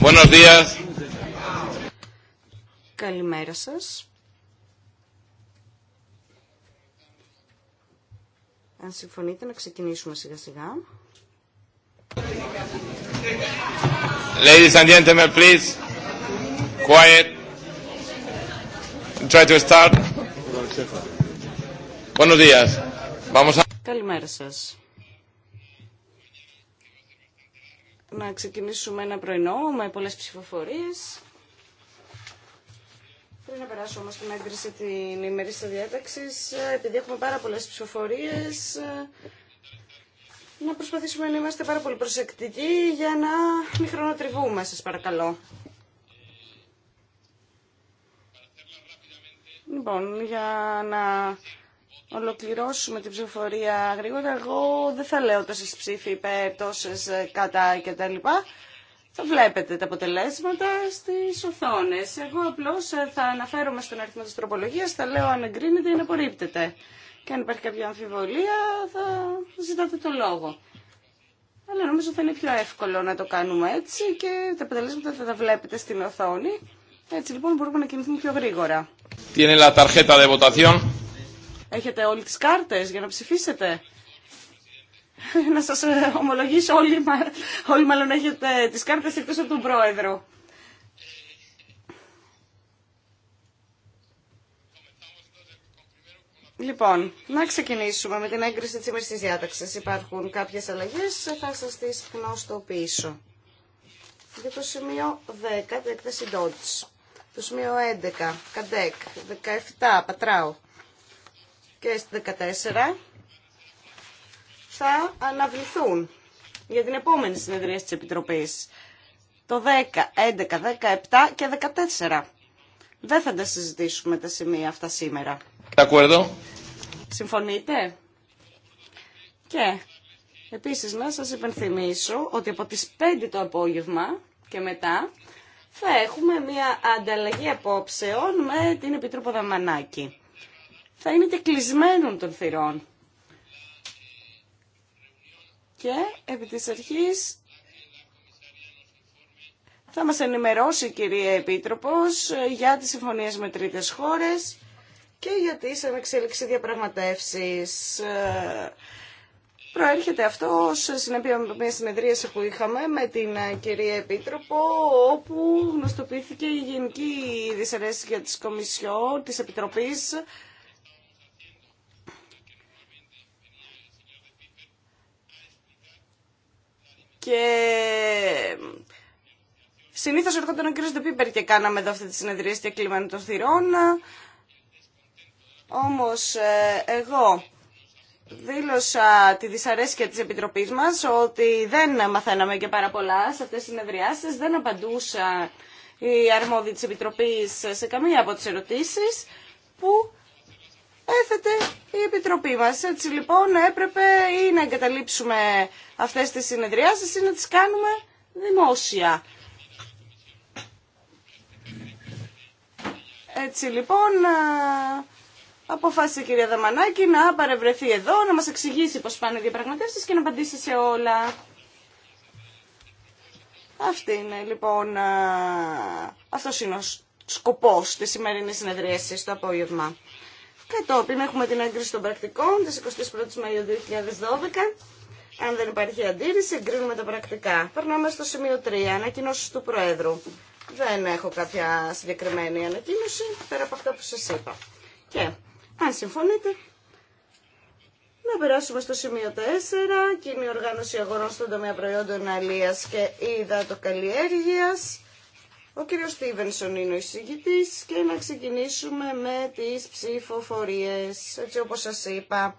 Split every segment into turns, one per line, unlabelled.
Buenos días.
Καλημέρα σας. Αν συμφωνείτε να ξεκινήσουμε σιγά σιγά.
Ladies and gentlemen, please. Quiet. Try to start. Buenos días. Vamos a...
Καλημέρα σας. να ξεκινήσουμε ένα πρωινό με πολλές ψηφοφορίες. Πριν να περάσω όμως την έγκριση την ημερήσια διάταξη, επειδή έχουμε πάρα πολλές ψηφοφορίες, να προσπαθήσουμε να είμαστε πάρα πολύ προσεκτικοί για να μην χρονοτριβούμε, σας παρακαλώ. Λοιπόν, για να ολοκληρώσουμε την ψηφοφορία γρήγορα, εγώ δεν θα λέω τόσε ψήφοι υπέρ, τόσε ε, κατά κτλ. Θα βλέπετε τα αποτελέσματα στι οθόνε. Εγώ απλώ ε, θα αναφέρομαι στον αριθμό τη Τροπολογία, θα λέω αν εγκρίνεται ή αν απορρίπτεται. Και αν υπάρχει κάποια αμφιβολία θα ζητάτε το λόγο. Αλλά νομίζω θα είναι πιο εύκολο να το κάνουμε έτσι και τα αποτελέσματα θα τα βλέπετε στην οθόνη. Έτσι λοιπόν μπορούμε να κινηθούμε πιο γρήγορα.
de votación.
Έχετε όλοι τις κάρτες για να ψηφίσετε. να σας ε, ομολογήσω όλοι, όλοι μάλλον έχετε τις κάρτες εκτός από τον πρόεδρο. Λοιπόν, να ξεκινήσουμε με την έγκριση της ημέρης της διάταξης. Υπάρχουν κάποιες αλλαγές, θα σας τις γνωστοποιήσω. Για το σημείο 10, την έκθεση Το σημείο 11, Καντέκ. 17, Πατράου και στις 14 θα αναβληθούν για την επόμενη συνεδρία της Επιτροπής. Το 10, 11, 17 και 14. Δεν θα τα συζητήσουμε τα σημεία αυτά σήμερα. Συμφωνείτε? Και επίσης να σας υπενθυμίσω ότι από τις 5 το απόγευμα και μετά θα έχουμε μια ανταλλαγή απόψεων με την Επιτρόπο Δαμανάκη θα είναι και κλεισμένων των θυρών. Και επί της αρχής θα μας ενημερώσει η κυρία Επίτροπος για τις συμφωνίες με τρίτες χώρες και για τις ανεξέλιξη διαπραγματεύσεις. Προέρχεται αυτό σε συνέπεια με μια συνεδρίαση που είχαμε με την κυρία Επίτροπο όπου γνωστοποιήθηκε η γενική δυσαρέσκεια της κομισιό της Επιτροπής Και συνήθως έρχονταν ο κύριος Ντεπίπερ και κάναμε εδώ αυτή τη συνεδρίαση και κλείμανε των θυρών. Όμως ε, εγώ δήλωσα τη δυσαρέσκεια της Επιτροπής μας ότι δεν μαθαίναμε και πάρα πολλά σε αυτές τις συνεδριάσεις, δεν απαντούσα οι αρμόδιοι της Επιτροπής σε καμία από τις ερωτήσεις που έθετε η Επιτροπή μας. Έτσι λοιπόν έπρεπε ή να εγκαταλείψουμε αυτές τις συνεδριάσεις ή να τις κάνουμε δημόσια. Έτσι λοιπόν αποφάσισε η κυρία Δαμανάκη να παρευρεθεί εδώ, να μας εξηγήσει πώς πάνε οι διαπραγματεύσεις και να απαντήσει σε όλα. Αυτή είναι λοιπόν, αυτός είναι ο σκοπός της σημερινής συνεδρίασης το απόγευμα. Κατόπιν έχουμε την έγκριση των πρακτικών τη 21 η Μαου 2012. Αν δεν υπάρχει αντίρρηση, εγκρίνουμε τα πρακτικά. Περνάμε στο σημείο 3, ανακοινώσει του Προέδρου. Δεν έχω κάποια συγκεκριμένη ανακοίνωση, πέρα από αυτά που σας είπα. Και, αν συμφωνείτε, να περάσουμε στο σημείο 4, κοινή οργάνωση αγορών στον τομέα προϊόντων αλίας και υδατοκαλλιέργειας. Ο κύριο Στίβενσον είναι ο εισηγητή και να ξεκινήσουμε με τις ψηφοφορίε έτσι όπως σας είπα.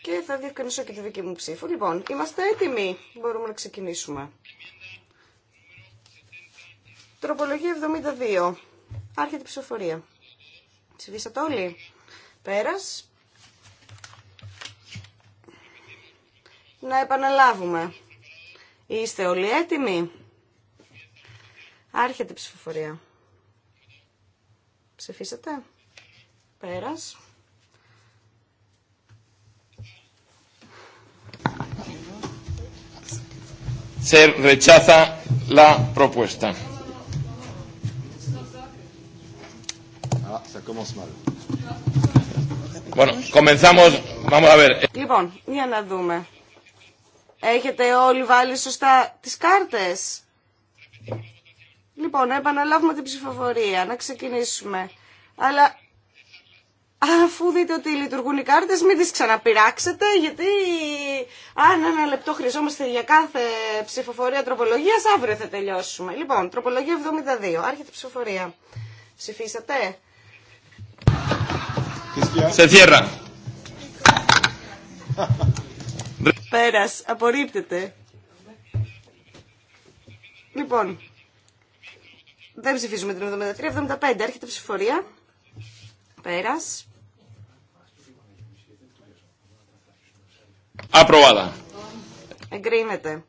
Και θα διευκρινίσω και τη δική μου ψήφο. Λοιπόν, είμαστε έτοιμοι. Μπορούμε να ξεκινήσουμε. Τροπολογία 72. Άρχεται η ψηφοφορία. Ψηφίσατε όλοι. Πέρας. να επαναλάβουμε. Είστε όλοι έτοιμοι. Άρχεται η ψηφοφορία. Ψηφίσατε. Πέρας.
Se rechaza la propuesta. Ah, ça commence mal. Bueno, comenzamos. Vamos a ver.
Λοιπόν, για να δούμε. Έχετε όλοι βάλει σωστά τις κάρτες. Λοιπόν, επαναλάβουμε την ψηφοφορία, να ξεκινήσουμε. Αλλά αφού δείτε ότι λειτουργούν οι κάρτες, μην τις ξαναπειράξετε, γιατί αν ένα λεπτό χρειαζόμαστε για κάθε ψηφοφορία τροπολογίας, αύριο θα τελειώσουμε. Λοιπόν, τροπολογία 72, άρχεται ψηφοφορία. Ψηφίσατε. Σε Πέρας. Απορρίπτεται. Λοιπόν, δεν ψηφίζουμε την 73, 75. Έρχεται ψηφορία. Πέρας.
Απροβάδα.
Εγκρίνεται.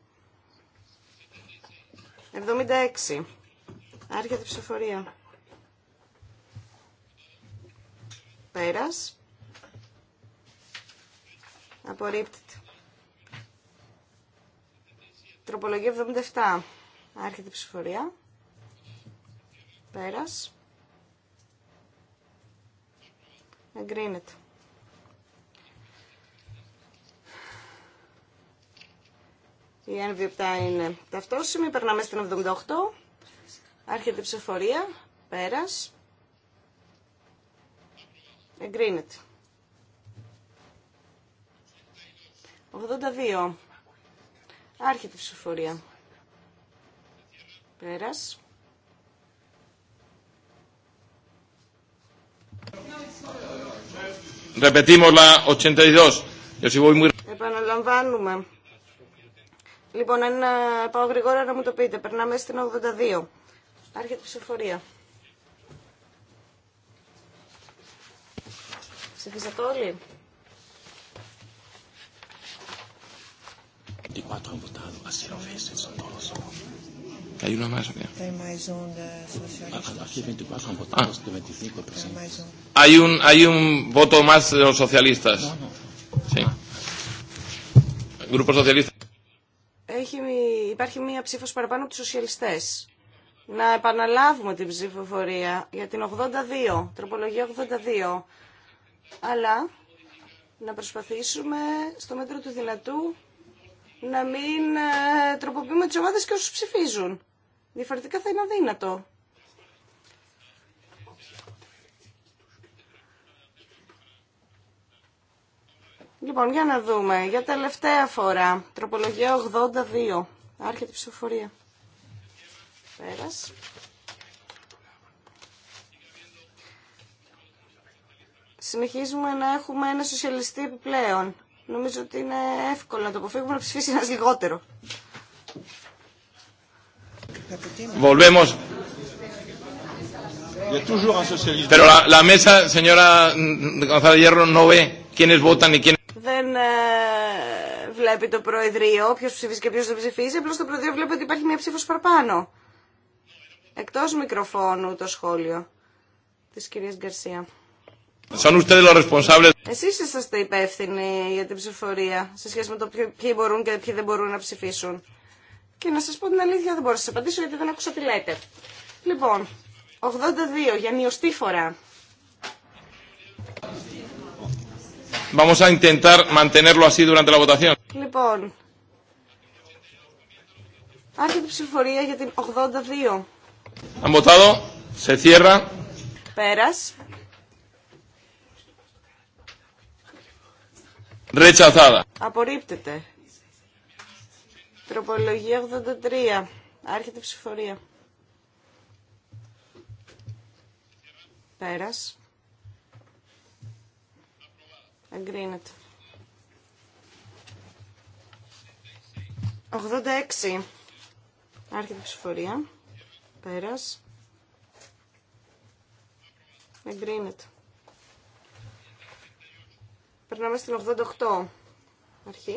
76. Άρχεται ψηφοφορία. Πέρας. Απορρίπτεται. Τροπολογία 77. Άρχεται η ψηφορία. Πέρας. Εγκρίνεται. Η NV7 είναι ταυτόσιμη. Περνάμε στην 78. Άρχεται η ψηφορία. Πέρας. Εγκρίνεται. 82. Άρχεται η ψηφοφορία. Πέρας. Επαναλαμβάνουμε. Λοιπόν, αν πάω γρήγορα να μου το πείτε. Περνάμε στην 82. Άρχεται η ψηφοφορία. Ψηφίσατε όλοι. 24 hanno votato, a Silofese non lo so.
Hay una más. Aquí 24 han votado, 25 Hay un, hay un voto más de los socialistas. Sí. Grupo socialista.
Έχει, υπάρχει μία ψήφος παραπάνω από τους σοσιαλιστές. Να επαναλάβουμε την ψηφοφορία για την 82, τροπολογία 82. Αλλά να προσπαθήσουμε στο μέτρο του δυνατού να μην ε, τροποποιούμε τις ομάδες και όσους ψηφίζουν. Διαφορετικά θα είναι αδύνατο. Λοιπόν, για να δούμε. Για τελευταία φορά. Τροπολογία 82. Άρχεται η ψηφοφορία. Πέρας. Συνεχίζουμε να έχουμε ένα σοσιαλιστή επιπλέον. Νομίζω ότι είναι εύκολο να το αποφύγουμε να ψηφίσει ένα λιγότερο. Δεν βλέπει το Προεδρείο ποιο ψηφίζει και ποιο δεν ψηφίζει. Απλώ το Προεδρείο βλέπει ότι υπάρχει μια ψήφο παραπάνω. Εκτό μικροφώνου το σχόλιο τη κυρία Γκαρσία. Εσείς είσαστε υπεύθυνοι για την ψηφορία σε σχέση με το ποιοι μπορούν και ποιοι δεν μπορούν να ψηφίσουν. Και να σας πω την αλήθεια δεν μπορώ να σας απαντήσω γιατί δεν άκουσα τι λέτε. Λοιπόν, 82 για νιωστή φορά.
Vamos a intentar mantenerlo así durante la votación.
Λοιπόν, άρχεται η ψηφορία για την 82.
Ρετσαθάδα.
Απορρίπτεται. Τροπολογία 83. Άρχεται ψηφορία. Πέρας. Εγκρίνεται. 86. Άρχεται η ψηφορία. Πέρας. Εγκρίνεται. Περνάμε στην 88. Αρχή.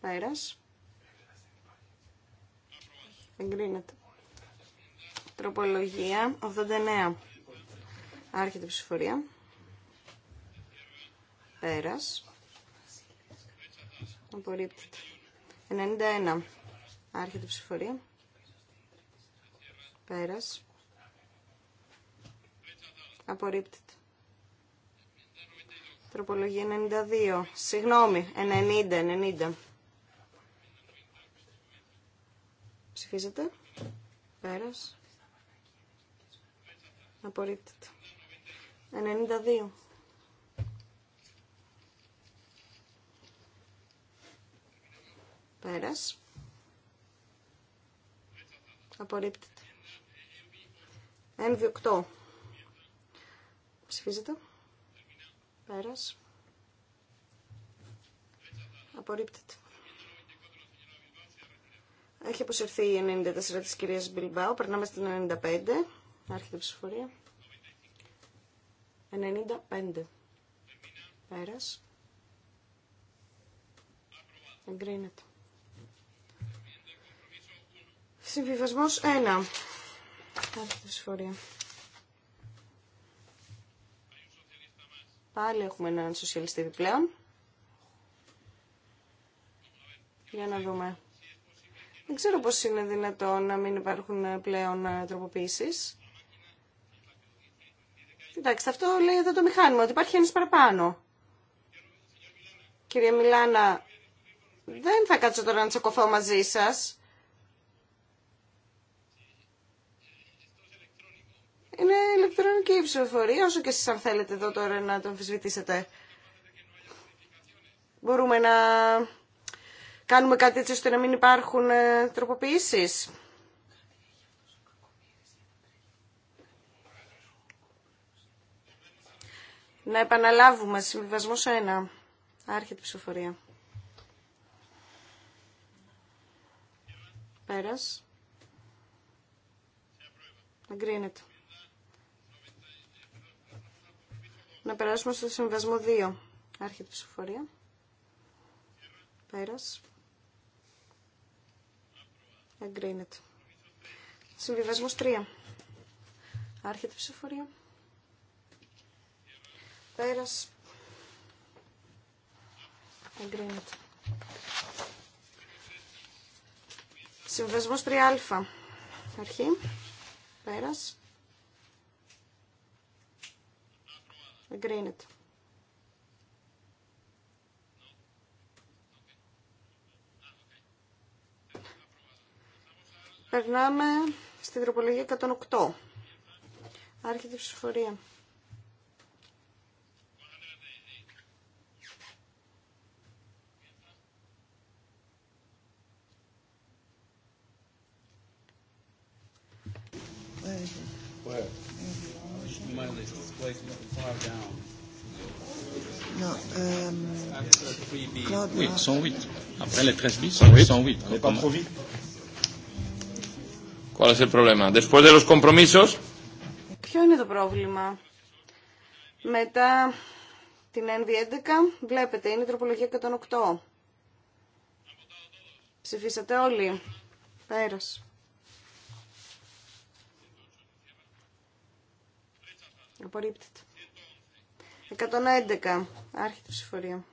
Πέρας. Εγκρίνεται. Τροπολογία 89. Άρχεται η ψηφορία. Πέρας. Απορρίπτεται. 91. Άρχεται η ψηφορία. Πέρας. Απορρίπτεται. Τροπολογία 92. Συγγνώμη, 90, 90. Ψηφίζεται. Πέρας. Απορρίπτεται. 92. Πέρας. Απορρίπτεται. MV8. Ψηφίζεται. Πέρας. Απορρίπτεται. Έχει αποσυρθεί η 94 της κυρίας Μπιλμπάου. Περνάμε στην 95. Άρχεται η ψηφορία. 95. Πέρας. Εγκρίνεται. Συμβιβασμός 1. Άρχεται η ψηφορία. Πάλι έχουμε έναν σοσιαλιστή πλέον. Για να δούμε. Δεν ξέρω πώς είναι δυνατόν να μην υπάρχουν πλέον τροποποίησεις. Εντάξει, αυτό λέει εδώ το μηχάνημα, ότι υπάρχει ένας παραπάνω. Κυρία Μιλάνα, δεν θα κάτσω τώρα να τσακωθώ μαζί σας. Είναι ηλεκτρονική η ψηφοφορία, όσο και εσείς αν θέλετε εδώ τώρα να το αμφισβητήσετε. Μπορούμε να κάνουμε κάτι έτσι ώστε να μην υπάρχουν ε, τροποποιήσεις. Να επαναλάβουμε. Συμβιβασμό ένα. Άρχεται η ψηφοφορία. Πέρας. Αγκρίνεται. Να περάσουμε στο συμβασμό 2. Άρχεται η ψηφοφορία. Πέρας. Εγκρίνεται. Συμβιβασμό 3. Άρχεται η ψηφοφορία. Πέρας. Εγκρίνεται. Συμβιβασμός 3α. Αρχή. Πέρας. Εγκρίνεται. Περνάμε στην τροπολογία 108. Άρχεται η ψηφορία. Thank ε,
down.
Non, euh, Claude, oui, 108.
Après les 13 bis, 108. On n'est pas trop vite. ¿Cuál es el problema? Después de los compromisos.
Ποιο είναι το πρόβλημα. Μετά την NV11, βλέπετε, είναι η τροπολογία 108. Ψηφίσατε όλοι. Πέρασε. Απορρίπτεται. 111. Άρχεται ψηφορία.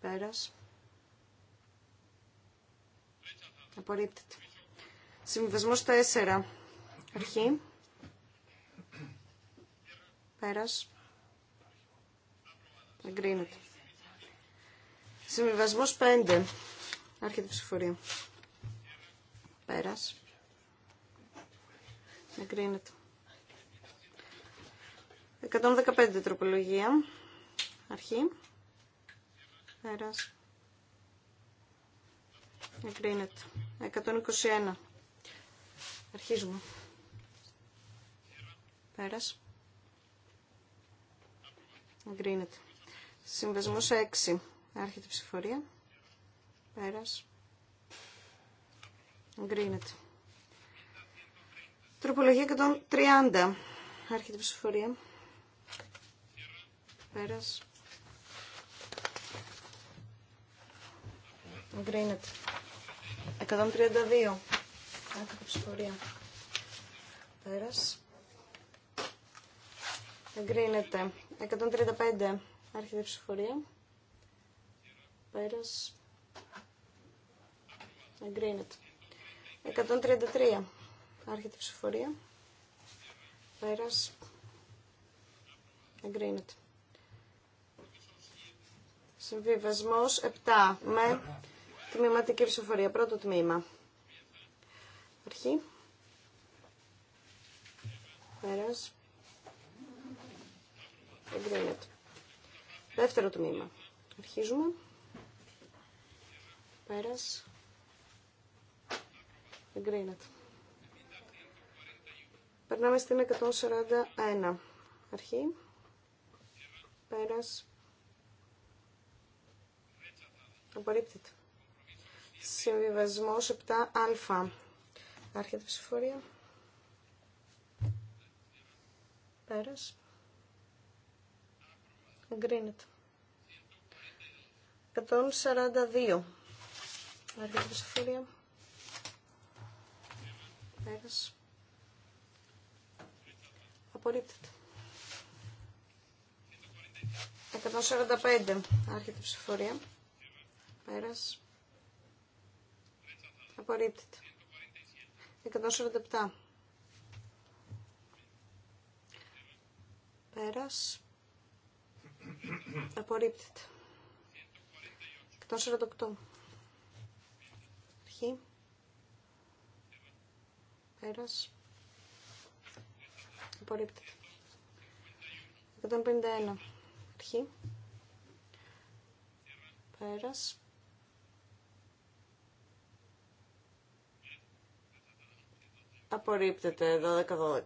Πέρας. Απορρίπτεται. Συμβιβασμός 4. Αρχή. Πέρας. Εγκρίνεται. Συμβιβασμός 5. Άρχεται ψηφορία. Πέρας. Εγκρίνεται. 115 τροπολογία. Αρχή. Πέρας. Εγκρίνεται. 121. Αρχίζουμε. Πέρας. Εγκρίνεται. Συμβασμό 6. Άρχεται η ψηφορία. Πέρας. Εγκρίνεται. Τροπολογία 130. Άρχεται η ψηφοφορία. Πέρας. Εγκρίνεται. 132. Άρχεται ψηφορία. Πέρας. Εγκρίνεται. 135. Άρχεται η ψηφοφορία. Πέρας. Εγκρίνεται. 133. Άρχεται η ψηφορία. Πέρας. Εγκρίνεται. Συμβιβασμός 7 με τμήματική ψηφοφορία. Πρώτο τμήμα. Αρχή. Πέρας. Εγκρίνεται. Δεύτερο τμήμα. Αρχίζουμε. Πέρας. Εγκρίνεται. Περνάμε στην 141. Αρχή. Πέρας. Απορρίπτεται. Συμβιβασμός 7α. Άρχεται η ψηφορία. Πέρας. Εγκρίνεται. 142. Άρχεται η ψηφορία. Πέρας. Απορρίπτεται. 145. Άρχεται η ψηφορία. Πέρας. Απορρίπτεται. 147. Πέρας. Απορρίπτεται. 148. Αρχή. Πέρας. Απορρίπτεται. 151. Αρχή. Πέρας. Απορρίπτεται. 12-12.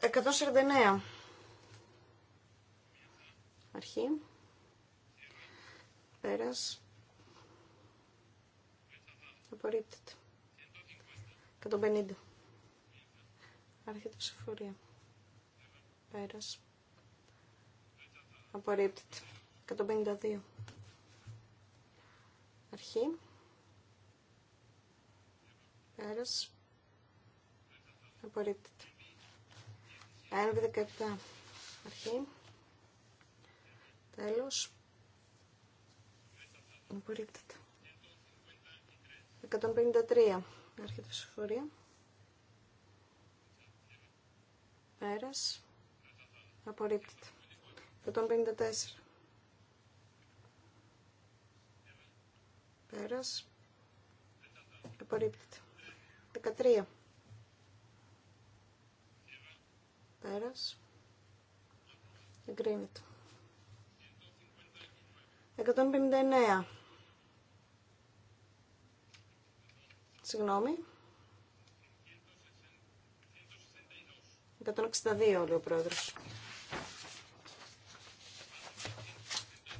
149. Αρχή. Πέρας. Απορρίπτεται. 150. Άρχεται η ψηφορία. Πέρας. Απορρίπτεται. 152. Αρχή. Πέρας. Απορρίπτεται. 17 Αρχή. Τέλος. Απορρίπτεται. 153. Άρχεται η ψηφορία. αέρας Απορρίπτεται. 154. Πέρας. Απορρίπτεται. 13. Πέρας. Εγκρίνεται. 159. Συγγνώμη. 162 λέει ο πρόεδρο.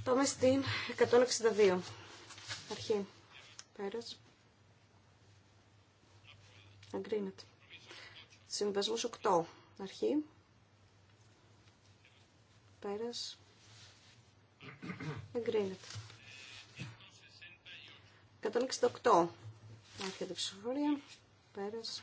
Πάμε στην 162. Αρχή. Πέρα. Αγκρίνεται. Συμβασμός 8. Αρχή. Πέρα. Αγκρίνεται. 168. Άρχεται η ψηφοφορία. Πέρας.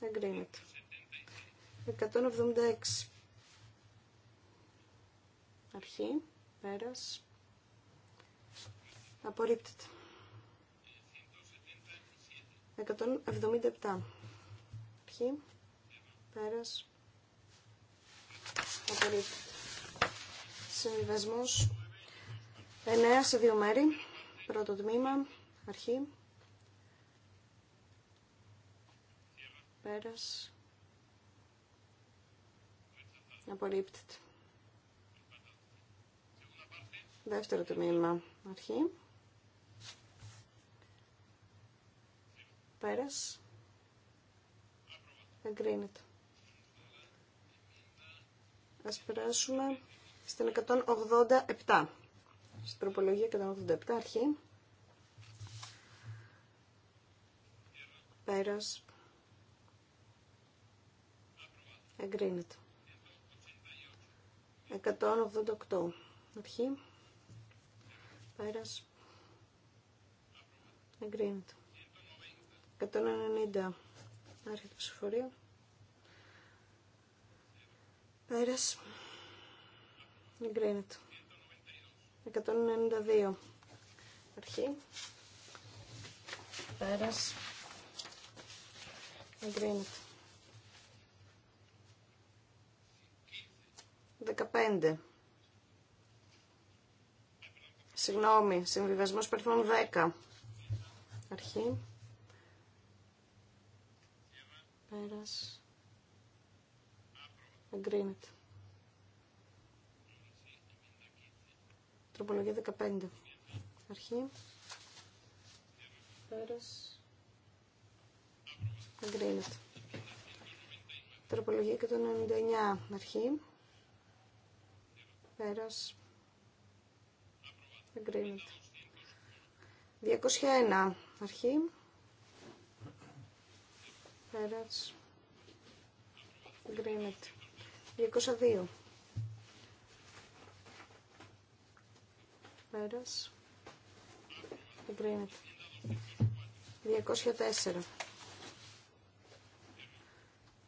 Εγκρίνεται. 176. Αρχή. Πέρας. Απορρίπτεται. 177. Αρχή. Πέρας. Απορρίπτεται. Συμβιβασμός 9 σε δύο μέρη. Πρώτο τμήμα. Αρχή. Πέρας. Απορρίπτεται. Δεύτερο τμήμα. Αρχή. Πέρας. Εγκρίνεται. Ας περάσουμε στην 187. Στην τροπολογία 187 αρχή. Πέρας. Εγκρίνεται. 188. Αρχή. Πέρας. Εγκρίνεται. 190. Άρχεται ψηφορία. Πέρας. Εγκρίνεται. 192. Αρχή. Πέρας. Εγκρίνεται. 15. Συγγνώμη, συμβιβασμός παριθμών 10. Αρχή. Πέρας. Εγκρίνεται. Τροπολογία 15. Αρχή. Πέρας. Εγκρίνεται. Τροπολογία 199. Αρχή. Πέρας. Εγκρίνεται. 201. Αρχή. Πέρας. Εγκρίνεται. 202. Πέρας. Εγκρίνεται. 204.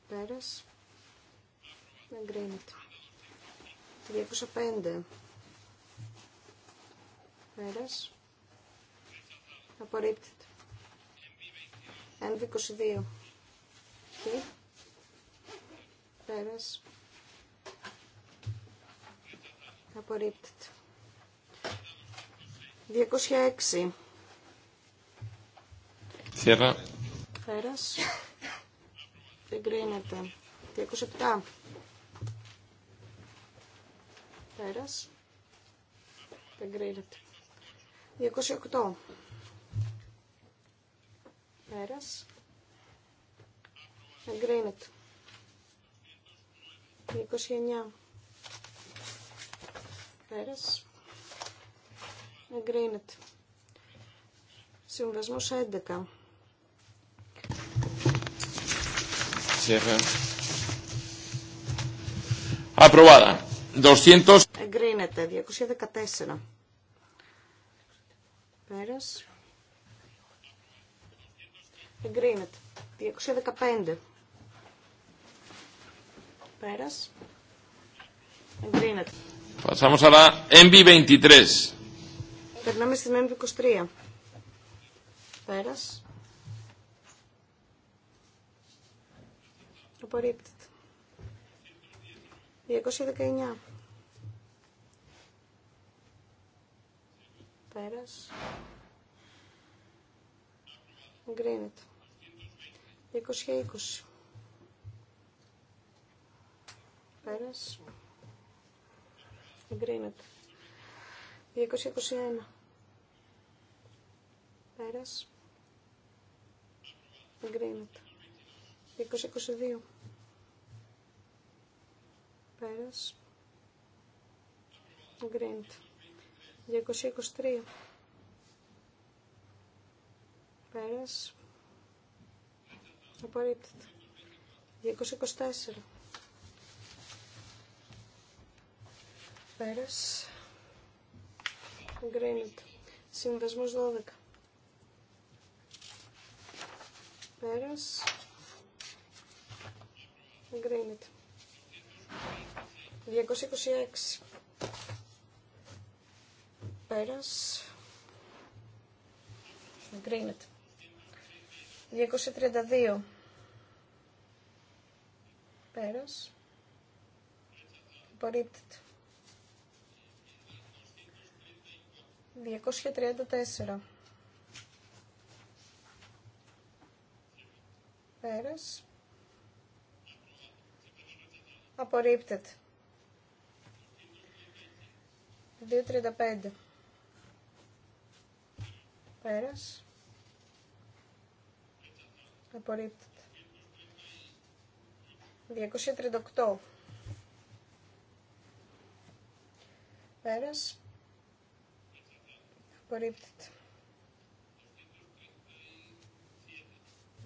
Πέρας. Εγκρίνεται. 205. Πέρας. Απορρίπτεται. NV22. Και. Πέρας. Απορρίπτεται. 206. Πέρας. Δεν κρίνεται. 207. Πέρας. τα κρίνεται. 208. Πέρας. Εγκρίνεται. 29. Πέρας. Εγκρίνεται. Συμβασμός 11.
Απροβάρα. 200.
Εγκρίνεται. 214. Πέρας. Εγκρίνεται. 215. Πέρας. Εγκρίνεται.
Πασαμος 23
Περνάμε στην MB23. Πέρας. Απορρίπτει. 219. Πέρας. Εγκρίνεται. 220. Πέρας. Εγκρίνεται. 221. Πέρας. Εγκρίνεται. 2022. Πέρας. Γκριντ. 223. Πέρας. Απορρίπτεται. 224. Πέρας. Γκρίνεται. Συνδεσμος 12. Πέρας. Γκρίνεται. 226. Πέρας. Εγκρίνεται. 232. Πέρας. Απορρίπτεται. 234. Πέρας. Απορρίπτεται. 2.35. Πέρας. Απορρίπτεται. 238. Πέρας. Απορρίπτεται.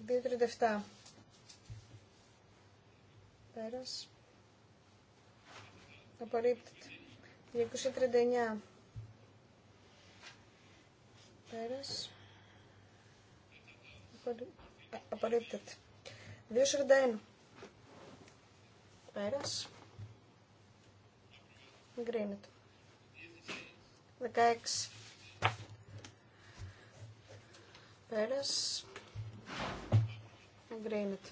2.37. Πέρας. Απορρίπτεται. 239. Πέρας. Απορρίπτεται. 241. Πέρας. Γκρίνεται. 16. Πέρας. Γκρίνεται.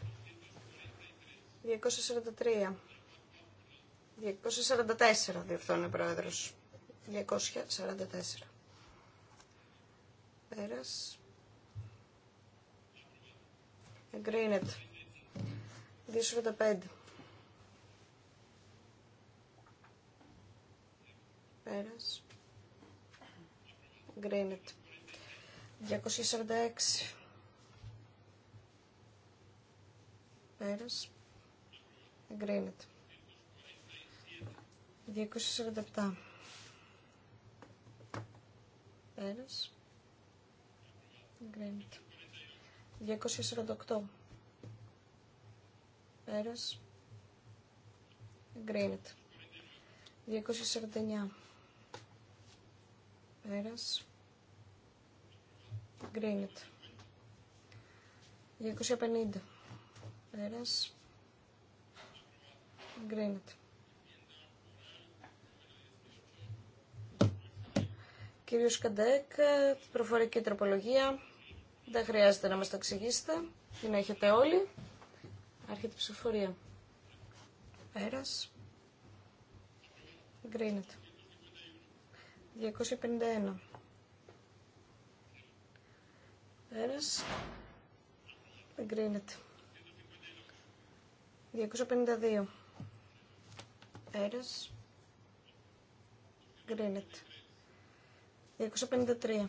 243. 244 διορθώνει ο πρόεδρος. 244. Πέρας. Εγκρίνεται. 245. Πέρας. Εγκρίνεται. 246. Πέρας. Εγκρίνεται. 247. Πέρας. γκρίνεται 248. Πέρας. γκρίνεται 249. Πέρας. γκρίνεται 250. Πέρας. γκρίνεται Κύριος Καντέκ, προφορική τροπολογία. Δεν χρειάζεται να μας τα εξηγήσετε. Την έχετε όλοι. Άρχεται η ψηφοφορία. Πέρας. Γκρίνεται. 251. Πέρας. Εγκρίνεται. 252. Πέρας. Εγκρίνεται. 253.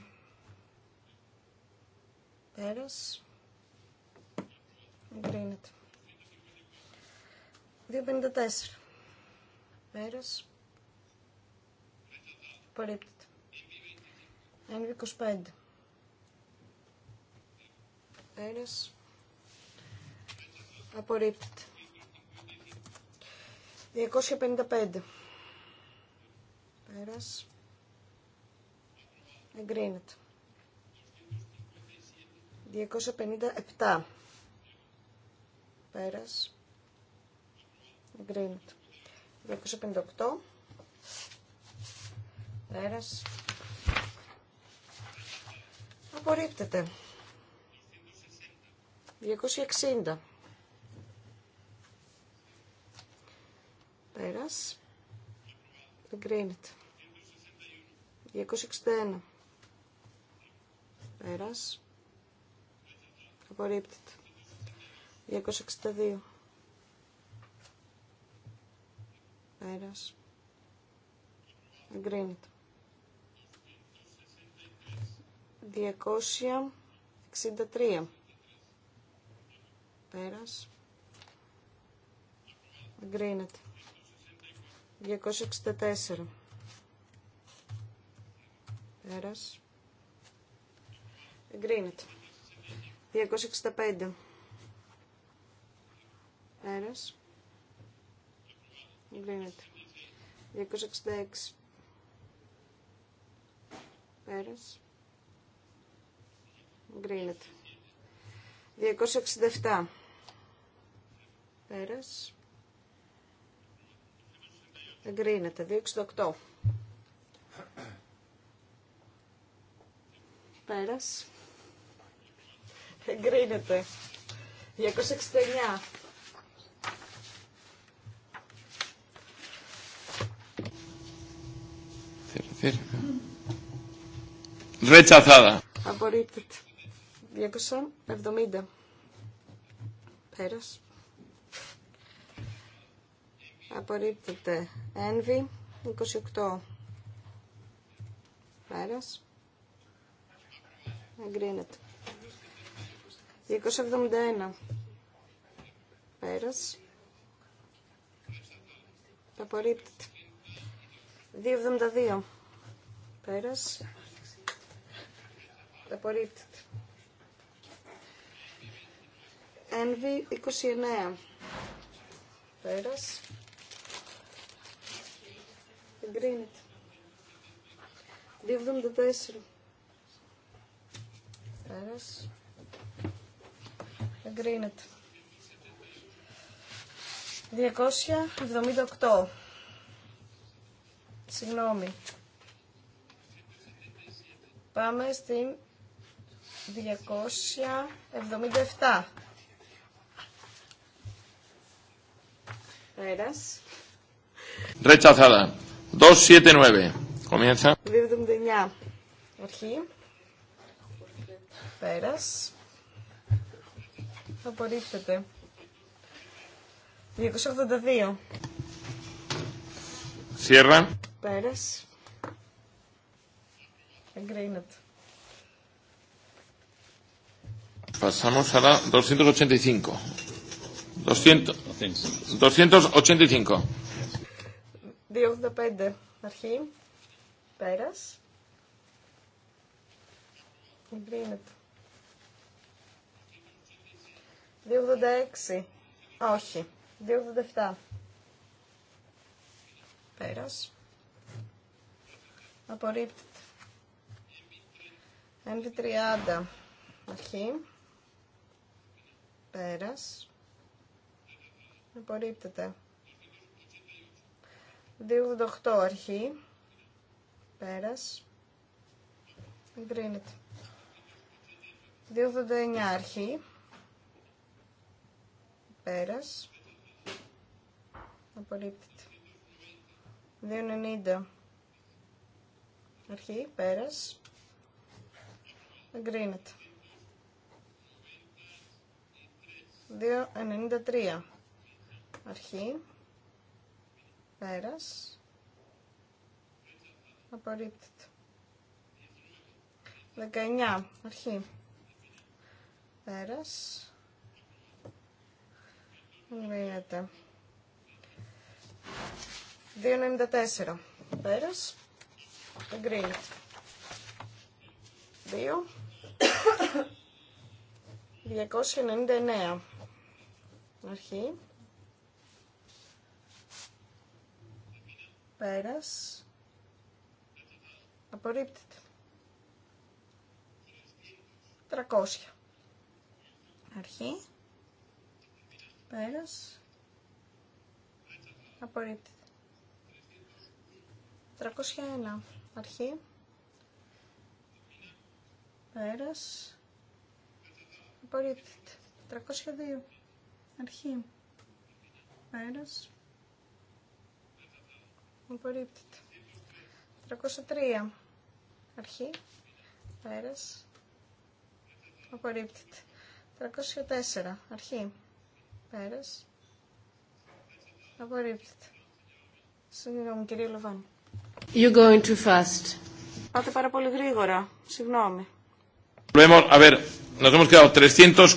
Πέρας. Εγκρίνεται. 254. Πέρας. Απορρίπτεται. 125. Πέρας. Απορρίπτεται. 255. Πέρας. Εγκρίνεται. 257. Πέρας. Εγκρίνεται. 258. Πέρας. Απορρίπτεται. 260. Πέρας. Εγκρίνεται. 261. Πέρας. Απορρίπτεται. 262. Πέρας. Εγκρίνεται. 263. Πέρας. Εγκρίνεται. 264. Πέρας. Εγκρίνεται. 265. Πέρας. Εγκρίνεται. 266. Πέρας. Εγκρίνεται. 267. Πέρας. Εγκρίνεται. 268. Πέρας. Εγκρίνεται. 269.
Ρετσαθάδα.
Απορρίπτεται. 270. Πέρας. Απορρίπτεται. Ένβη. 28. Πέρας. Εγκρίνεται. 271. Πέρας. Απορρίπτεται. 272. Πέρας. Απορρίπτεται. Ένβη 29. Πέρας. Εγκρίνεται. 274. Πέρας. Εγκρίνεται. 278. Συγγνώμη. Πάμε στην 277. Πέρας.
Rechazada. 279.
Comienza. 279. Αρχή. Πέρας απορρίψετε. 282. Σιέρα. Πέρας. Εγκρίνεται.
Πασάμος αλλά 285. 285. 285.
Αρχή. Πέρας. Εγκρίνεται. 286. όχι. 287. Πέρας. Απορρίπτεται. MP30. Αρχή. Πέρας. Απορρίπτεται. 288 αρχή. Πέρας. Εγκρίνεται. 289 αρχή. Πέρας. Απορρίπτεται. 2,90. Αρχή, πέρας. Εγκρίνεται. 2,93. Αρχή. Πέρας. Απορρίπτεται. 19. Αρχή. Πέρας. Εγκρίνεται. 2,94. Πέρας. Green. 2. 299. Αρχή. Πέρας. Απορρίπτεται. 300. Αρχή. Πέρας. Απορρίπτεται. 301. Αρχή. Πέρας. Απορρίπτεται. 302. Αρχή. Πέρας. Απορρίπτεται. 303. Αρχή. Πέρας. Απορρίπτεται. 304. Αρχή. Πέρας. Απορρίπτεται. Συγγνώμη, κυρία Λοβάν. You're going too fast. Πάτε πάρα πολύ γρήγορα. Συγγνώμη.
A ver, nos hemos quedado 300...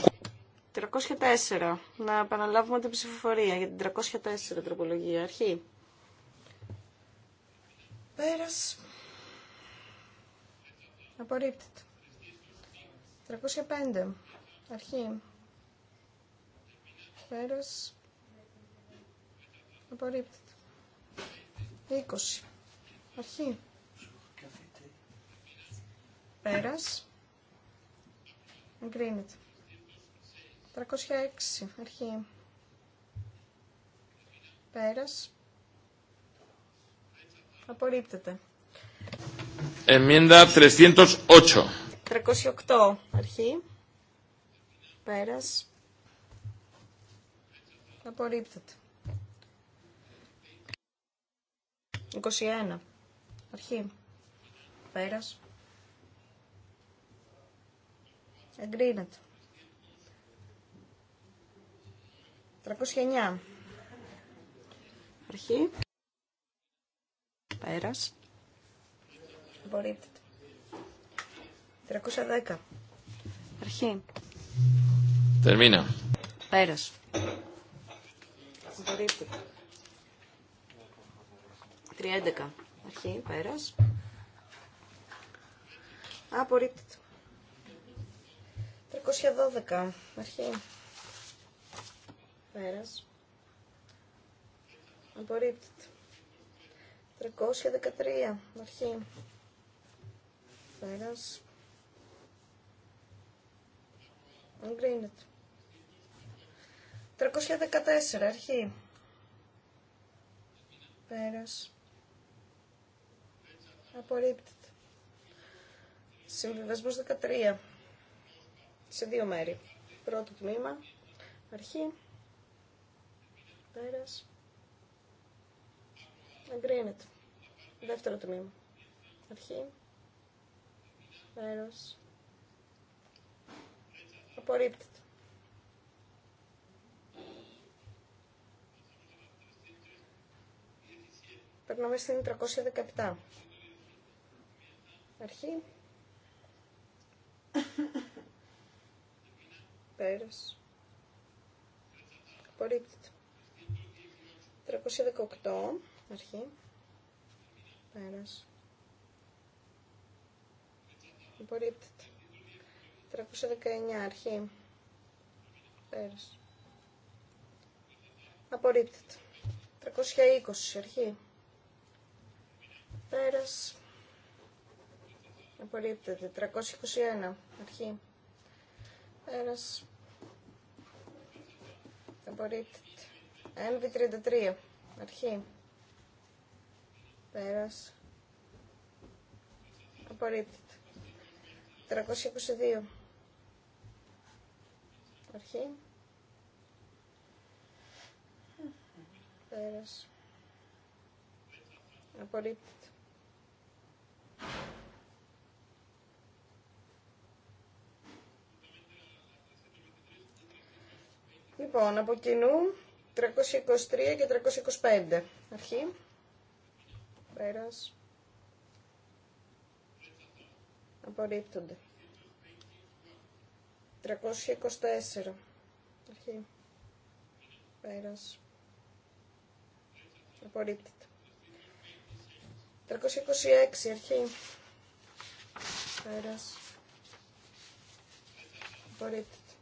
304. Να επαναλάβουμε την ψηφοφορία για την 304 τροπολογία. Αρχή. Πέρας. Απορρίπτεται. 305. Αρχή. Πέρας. Απορρίπτεται. 20. Αρχή. Πέρας. Εγκρίνεται. 306. Αρχή. Πέρας. Απορρίπτεται.
Εμμήντα 308.
308. Αρχή. Πέρας. Απορρίπτεται. 21. Αρχή. Πέρας. Εγκρίνεται. 309. Αρχή. Πέρας. Απορρίπτεται. 310. Αρχή. Τερμίνα. Πέρας. Απορρίπτεται. 3.11. Αρχή, πέρας. Απορρίπτεται. 312. Αρχή. Πέρας. Απορρίπτεται. 313. Αρχή. Πέρας. αγκρίνεται. 314 αρχή. Πέρας. Απορρίπτεται. Συμβιβασμός 13. Σε δύο μέρη. Πρώτο τμήμα. Αρχή. Πέρας. αγκρίνεται. Δεύτερο τμήμα. Αρχή. Πέρας. Απορρίπτεται. Περνάμε στην 317. Αρχή. Πέρας. Απορρίπτεται. 318. Αρχή. Πέρας. Απορρίπτεται. 319. Αρχή. Πέρας. Απορρίπτεται. 320. Αρχή. Πέρας. Απορρίπτεται. 321. Αρχή. Πέρας. Απορρίπτεται. NV33. Αρχή. Πέρας. Απορρίπτεται. 322. Αρχή. Πέρας. Απορρίπτεται. Λοιπόν, από κοινού 323 και 325. Αρχή. Πέρας. Απορρίπτονται. 324. Αρχή. Πέρας. Απορρίπτονται. 326 αρχή. Πέρας. Απορρίπτεται.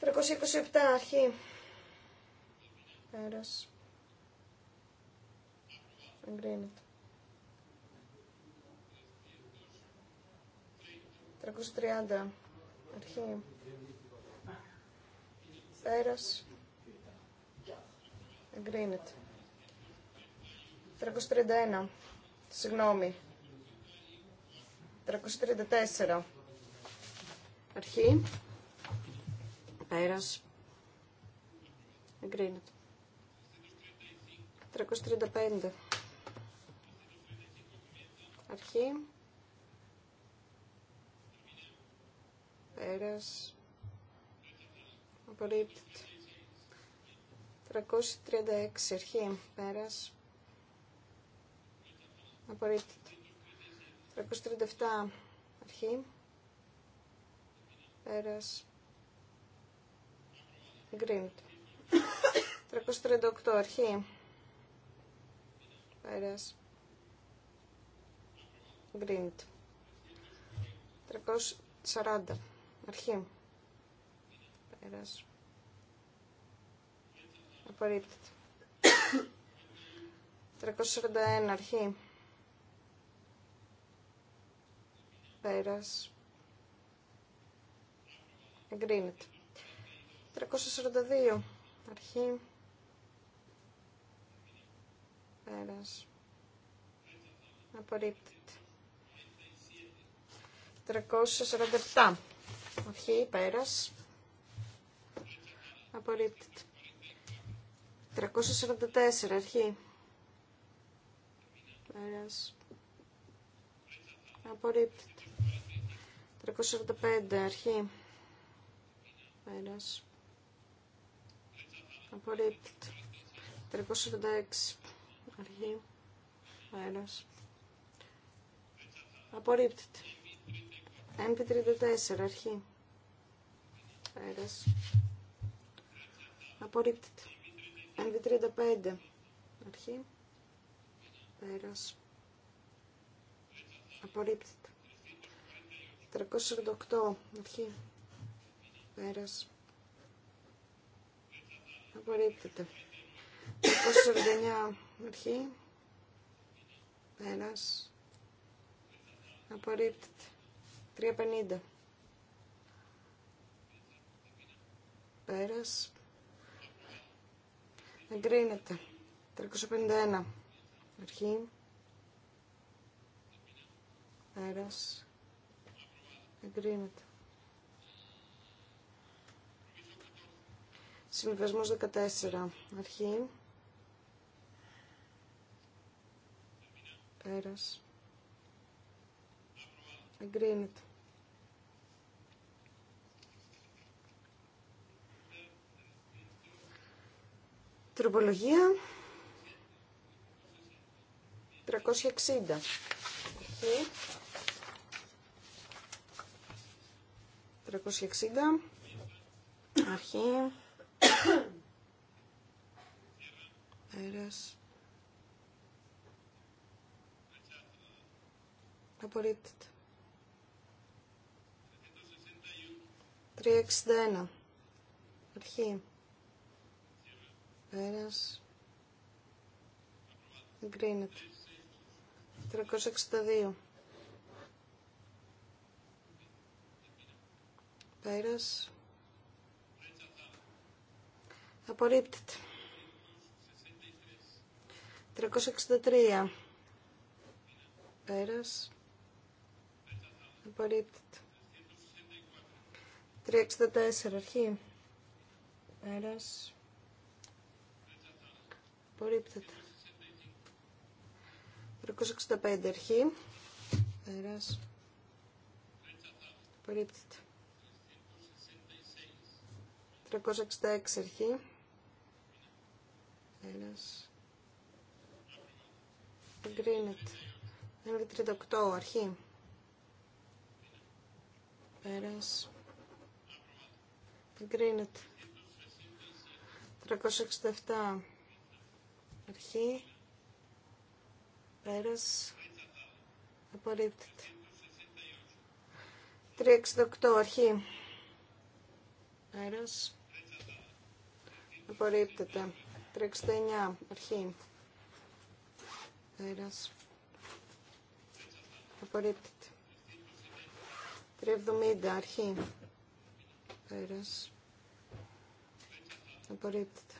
327 αρχή. Πέρας. Εγκρίνεται. 330 αρχή. Πέρας. Εγκρίνεται. 331. Συγγνώμη. 334. Αρχή. Πέρας. Εγκρίνεται. 335. Αρχή. Πέρας. Απορρίπτεται. 336. Αρχή. Πέρας. Απορρίπτεται. 337 αρχή. Πέρας. γκριντ. 338 αρχή. Πέρας. γκριντ. 340 αρχή. Πέρας. Απορρίπτεται. 341 αρχή. Πέρας. Εγκρίνεται. 342. Αρχή. Πέρας. Απορρίπτεται. 347. Αρχή. Πέρας. Απορρίπτεται. 344. Αρχή. Πέρας. Απορρίπτεται. 345 αρχή. Πέρας. Απορρίπτεται. 346 αρχή. Πέρας. Απορρίπτεται. MP34 αρχή. Πέρας. Απορρίπτεται. MP35 αρχή. Πέρας. Απορρίπτεται. 348. Αρχή. Πέρας. Απορρίπτεται. 349. Αρχή. Πέρας. Απορρίπτεται. 350. Πέρας. Εγκρίνεται. 351. Αρχή. Πέρας. Εγκρίνεται. Συμβιβασμός 14. Αρχή. Πέρας. Εγκρίνεται. Τροπολογία 360. Αρχή. 360. Αρχή. Αέρας. Απορρίπτεται. 361. Αρχή. Πέρας. Εγκρίνεται. 362. Πέρας. Απορρίπτεται. 363. Πέρας. Απορρίπτεται. 364. Αρχή. Πέρας. Απορρίπτεται. 365. Αρχή. Πέρας. Απορρίπτεται. 366 αρχή. Ένας. Εγκρίνεται. 38 αρχή. Πέρας. Εγκρίνεται. 367 αρχή. Πέρας. Απορρίπτεται. 368 αρχή. Πέρας. Απορρίπτεται. 369. Αρχή. Πέρας. Απορρίπτεται. 370. Αρχή. Πέρας. Απορρίπτεται.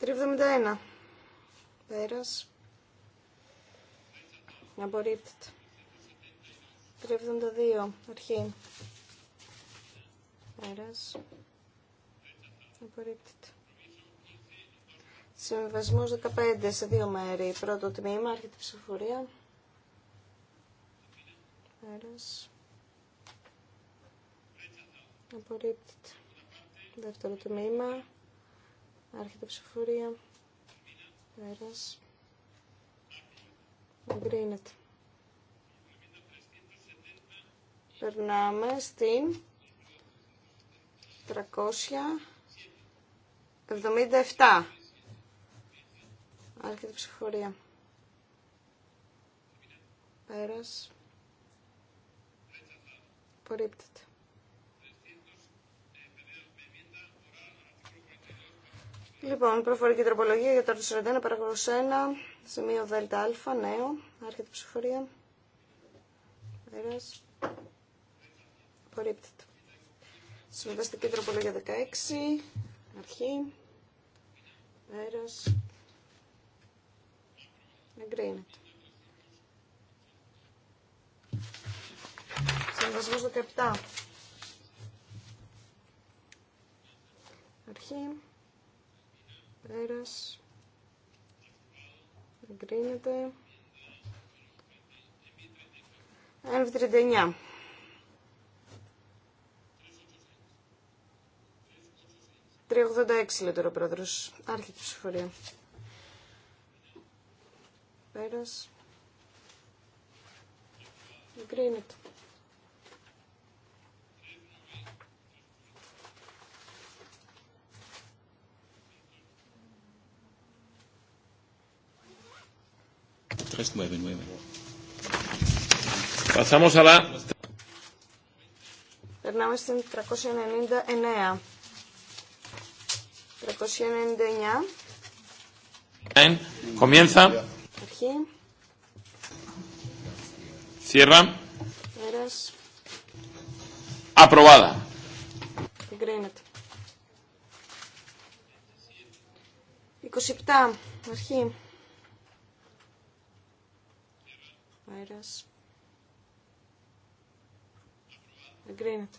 371. Πέρας. Απορρίπτεται. 372. Αρχή. Πέρας. Απορρίπτεται. Συμβασμός 15 σε δύο μέρη. Πρώτο τμήμα, έρχεται η ψηφοφορία. Πέρας. Απορρίπτεται. Δεύτερο τμήμα, άρχεται η ψηφοφορία. Πέρας. Εγκρίνεται. Περνάμε στην 300. 77. Άρχεται η ψηφορία. Πέρας. Απορρίπτεται. Λοιπόν, προφορική τροπολογία για το 41 παραγωγός 1, σημείο ΔΕΛΤΑ άλφα, νέο, άρχεται η ψηφορία. Πέρας. Απορρίπτεται. Συμβαστική τροπολογία 16, Αρχή. Πέρας. Εγκρίνεται. Συμβασμός 17. Αρχή. Πέρας. Εγκρίνεται. 1.39. 386 λέει τώρα ο πρόεδρος. Άρχεται η ψηφορία. Πέρας. Εγκρίνεται.
Tres nueve, nueve.
Περνάμε στην 399. 399.
En, comienza. Αρχή. Cierra. Πέρας. Aprobada.
Εγκρίνεται. 27. Αρχή. Πέρας. Εγκρίνεται.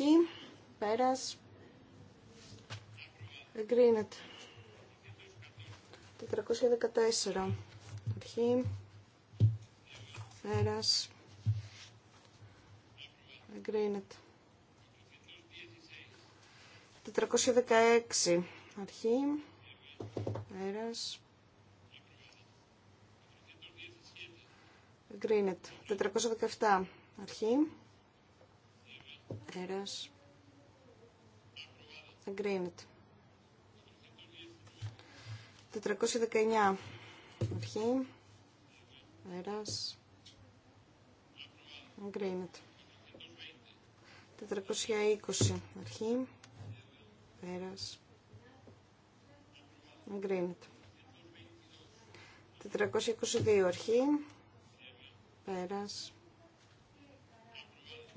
αρχή, πέρας, εγκρίνεται. 414, αρχή, πέρας, εγκρίνεται. 416, αρχή, πέρας, εγκρίνεται. 417, αρχή, Έρας. Εγκρίνεται. 419. Αρχή. Έρας. Εγκρίνεται. 420. Αρχή. Πέρας. Εγκρίνεται. 422. Αρχή. Πέρας.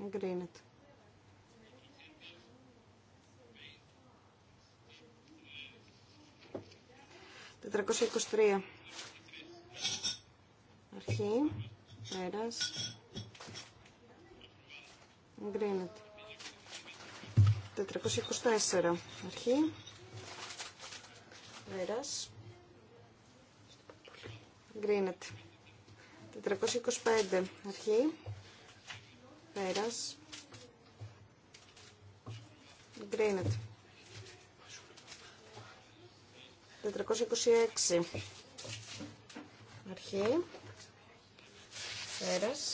Εγκρίνεται. 423. Αρχή. Πέρας. Εγκρίνεται. 424. Αρχή. Πέρας. Εγκρίνεται. 425. Αρχή. Πέρας. Εγκρίνεται. 426. Αρχή. Πέρας.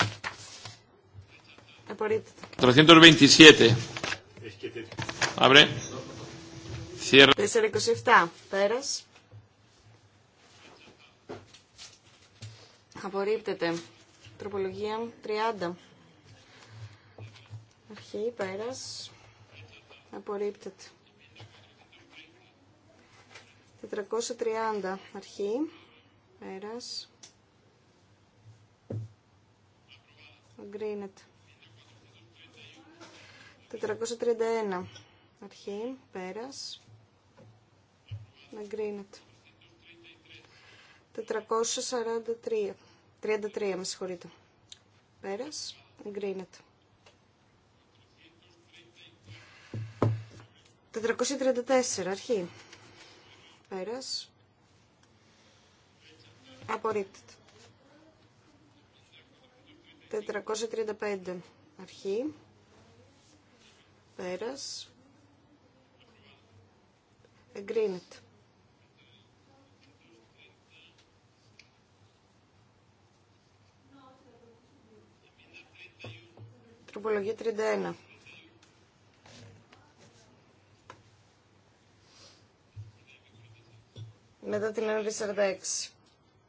Απορρίπτεται.
427, Αμπρε.
427. Πέρας. Απορρίπτεται. Τροπολογία 30. Αρχή, πέρας. Απορρίπτεται. 430 αρχή, πέρας. Εγκρίνεται. 431 αρχή, πέρας. αγκρίνεται. 443. 33, με συγχωρείτε. Πέρας. αγκρίνεται. 434, αρχή. Πέρας. Απορρίπτεται. 435 αρχή. Πέρας. Εγκρίνεται. Τροπολογία 31. Μετά την 46.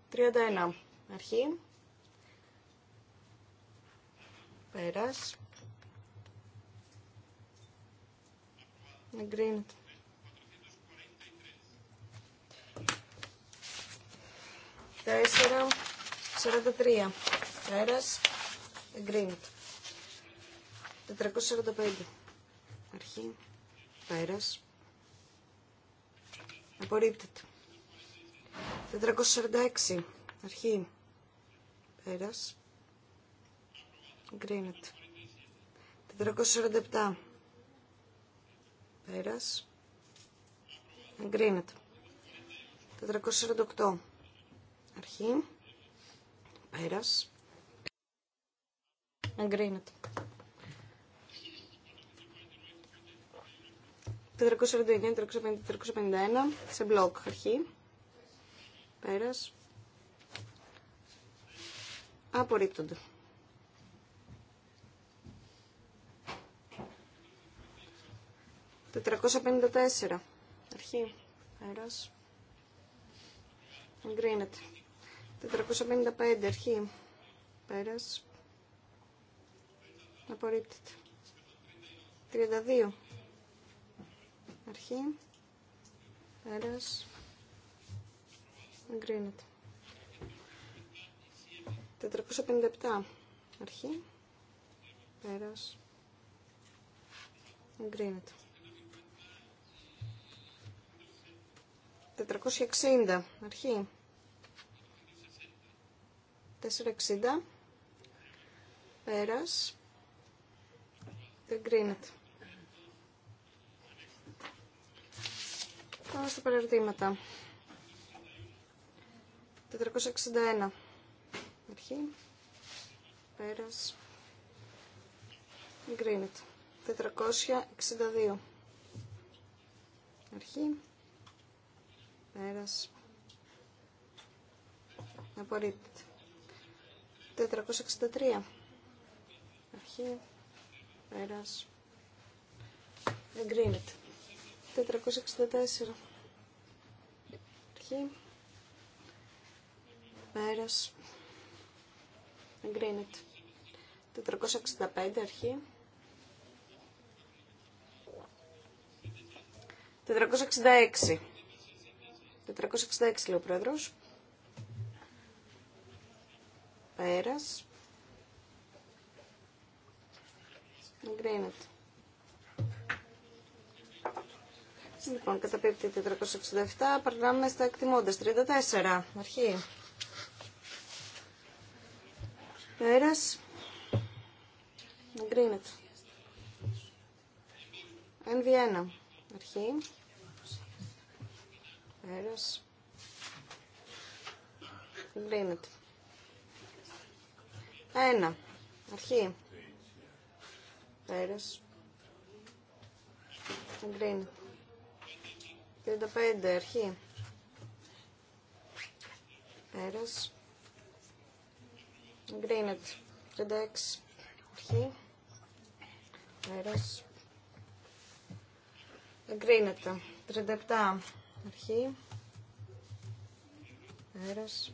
31. Αρχή. Πέρας. Εγκρίνεται. 43. Πέρας. Εγκρίνεται. 445. Αρχή. Πέρας. Απορρίπτεται. 446. Αρχή. Πέρας. Εγκρίνεται. 447. Πέρας. Εγκρίνεται. 448. Αρχή. Πέρας. Εγκρίνεται. 449, 350, 351 σε μπλοκ. Αρχή. Πέρας. Απορρίπτονται. 454. Αρχή. Πέρας. Εγκρίνεται. 455 αρχή. Πέρας. Απορρίπτεται. 32. Αρχή. Πέρας. Εγκρίνεται. 457. Αρχή. Πέρας. Εγκρίνεται. 460. Αρχή. 460. Πέρας. Εγκρίνεται. Πάμε στα παραρτήματα. 461. Αρχή. Πέρας. Εγκρίνεται. 462. Αρχή. Πέρας. Απορρίπτεται. 463. Αρχή. Πέρας. Εγκρίνεται. 464. Αρχή πέρας, εγκρίνεται. 465 αρχή. 466. 466 λέει ο πρόεδρος. Πέρας. Εγκρίνεται. Λοιπόν, καταπίπτει 467, περνάμε στα εκτιμώντας. 34, αρχή. Πέρας. Εγκρίνεται. NV1. Αρχή. Πέρας. Εγκρίνεται. Ένα. Αρχή. Πέρας. Εγκρίνεται. 35. Αρχή. Πέρας. Εγκρίνεται. 36. Αρχή. Αέρας. Εγκρίνεται. 37. Αρχή. Αέρας.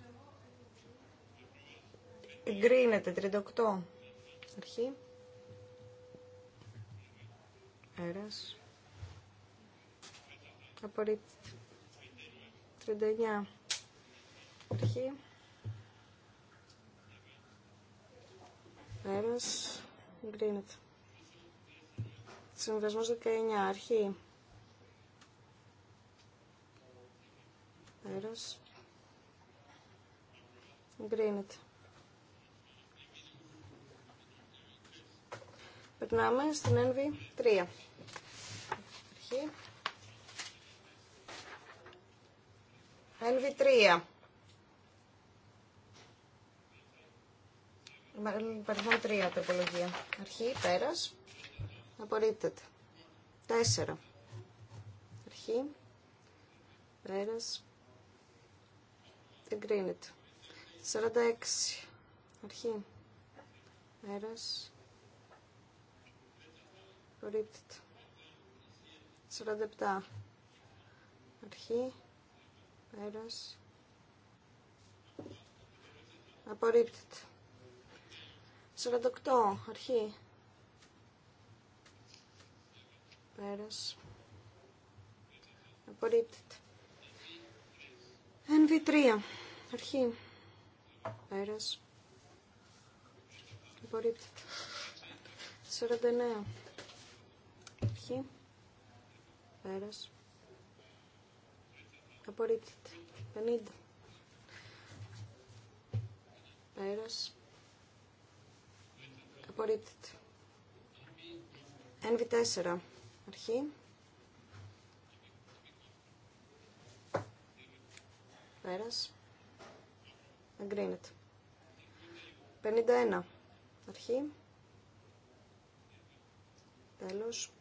Εγκρίνεται. 38. Αρχή. Αέρας. Απορρίπτει. 39. Αρχή. Ένας Εγκρίνεται. Συμβασμός 19. Αρχή. Ένας Εγκρίνεται. Περνάμε στην ένβη 3. Αρχή. Ένβη 3. Υπάρχουν τρία τροπολογία. Αρχή, πέρας. Απορρίπτεται. Τέσσερα. Αρχή. Πέρας. Εγκρίνεται. 46. Αρχή. Πέρας. Απορρίπτεται. 47. Αρχή. Πέρας. Απορρίπτεται. 48, αρχή. Πέρας. Απορρίπτεται. NV3, αρχή. Πέρας. Απορρίπτεται. 49, αρχή. Πέρας. Απορρίπτεται. 50. Πέρας. Απορρίπτεται. NV4. Αρχή. Πέρας. Εγκρίνεται. 51. Αρχή. Τέλος.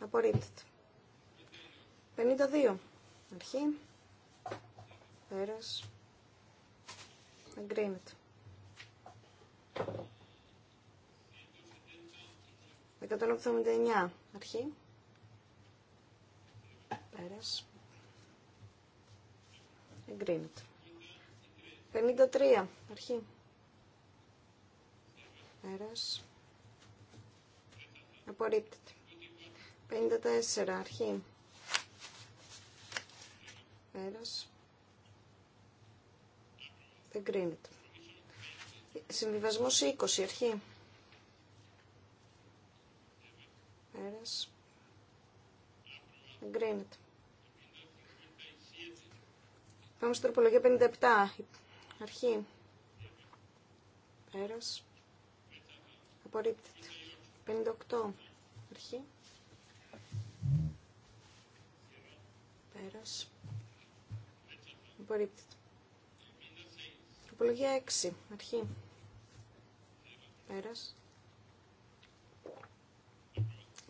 Απορρίπτεται. 52. Αρχή. Πέρας. Εγκρίνεται. 189 αρχή. Πέρας. Εγκρίνεται. 53 αρχή. Πέρας. Απορρίπτεται. 54 αρχή. Πέρας. Εγκρίνεται. Συμβιβασμός 20 αρχή. Αποχές. Εγκρίνεται. Πάμε στην τροπολογία 57. Αρχή. Πέρας. Απορρίπτεται. 58. Αρχή. Πέρας. Απορρίπτεται. Τροπολογία 6. Αρχή. Πέρας.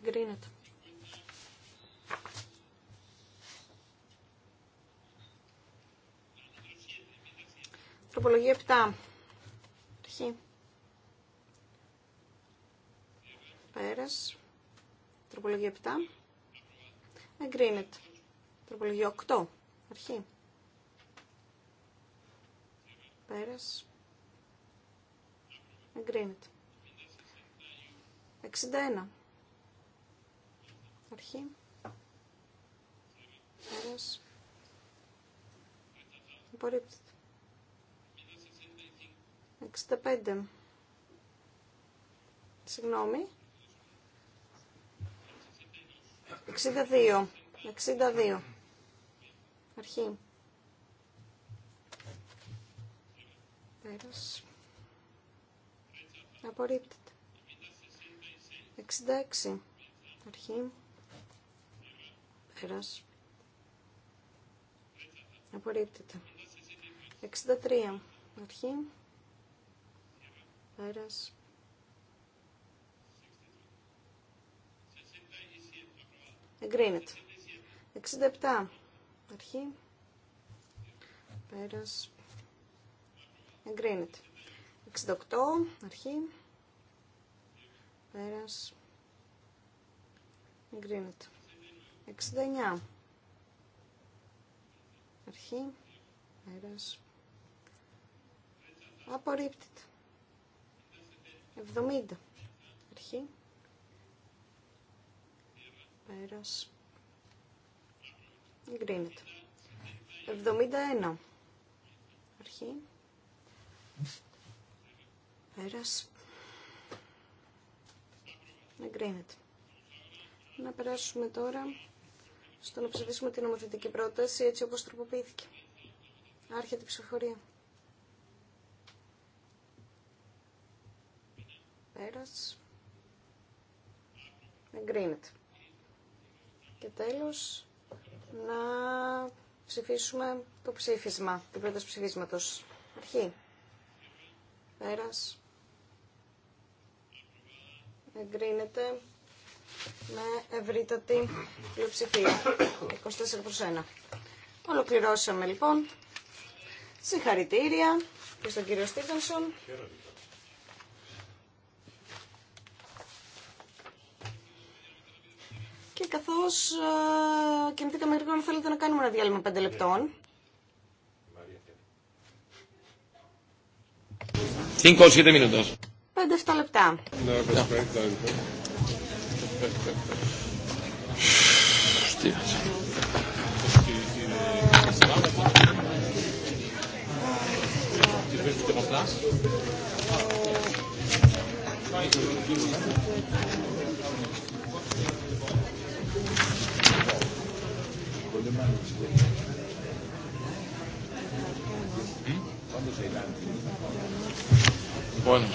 Εγκρίνεται. Τροπολογία 7. Αρχή. Πέρας. Τροπολογία 7. Εγκρίνεται. Τροπολογία 8. Αρχή. Πέρας. Εγκρίνεται. 61. Αρχή. Πέρας. Απορρίπτεται. 65. Συγγνώμη. 62. 62. Αρχή. Πέρας. Απορρίπτεται. 66. Αρχή. Πέρας. Απορρίπτεται. 63. Αρχή. Πέρας. Εγκρίνεται. 67. Αρχή. Πέρας. Εγκρίνεται. 68. Αρχή. Πέρας. Εγκρίνεται. 69. Αρχή. Αέρας. Απορρίπτεται. 70. Αρχή. Πέρας. Εγκρίνεται. 71. Αρχή. Πέρας. Εγκρίνεται. Να περάσουμε τώρα στο να ψηφίσουμε την νομοθετική πρόταση έτσι όπως τροποποιήθηκε. Άρχεται η ψηφοφορία. Πέρας. Εγκρίνεται. Και τέλος, να ψηφίσουμε το ψήφισμα, την πρόταση ψηφίσματος. Αρχή. Πέρας. Εγκρίνεται με ευρύτατη πλειοψηφία. 24 προς 1. Ολοκληρώσαμε λοιπόν. Συγχαρητήρια και στον κύριο Στίβενσον. Και καθώς κινηθήκαμε γρήγορα, θέλετε να κάνουμε ένα διάλειμμα 5 λεπτών. 5-7 λεπτά.
Bueno.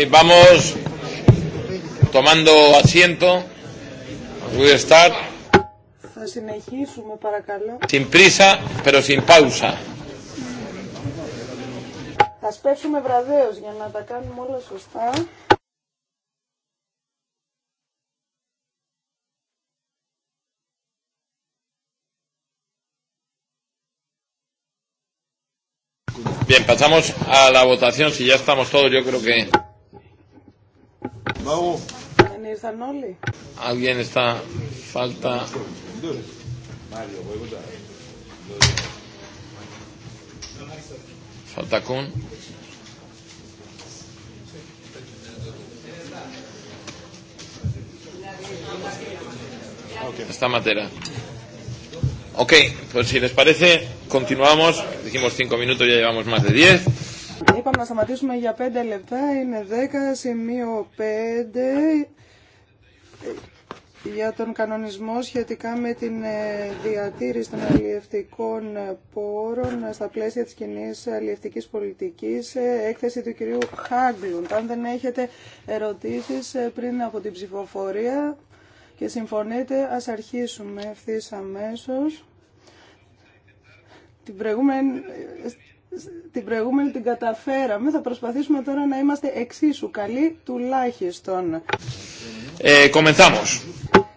que vamos tomando asiento. We start.
Θα συνεχίσουμε παρακαλώ.
Sin prisa, pero sin pausa.
Θα σπεύσουμε βραδέως για να τα κάνουμε όλα σωστά.
Bien, pasamos a la votación. Si ya estamos todos, yo creo que ήρθαν όλοι. Alguien está falta. Falta con. Okay. Esta matera. Ok, pues si les parece, continuamos. Dijimos cinco minutos, ya llevamos más de diez.
Είπαμε να σταματήσουμε για 5 λεπτά, είναι 10, σημείο 5 για τον κανονισμό σχετικά με την ε, διατήρηση των αλλιευτικών πόρων στα πλαίσια της κοινή αλλιευτικής πολιτικής, ε, έκθεση του κυρίου Χάγκλουντ. Αν δεν έχετε ερωτήσεις ε, πριν από την ψηφοφορία και συμφωνείτε, ας αρχίσουμε ευθύ αμέσως. Την προηγούμενη, την προηγούμενη την καταφέραμε. Θα προσπαθήσουμε τώρα να είμαστε εξίσου καλοί τουλάχιστον. Ε,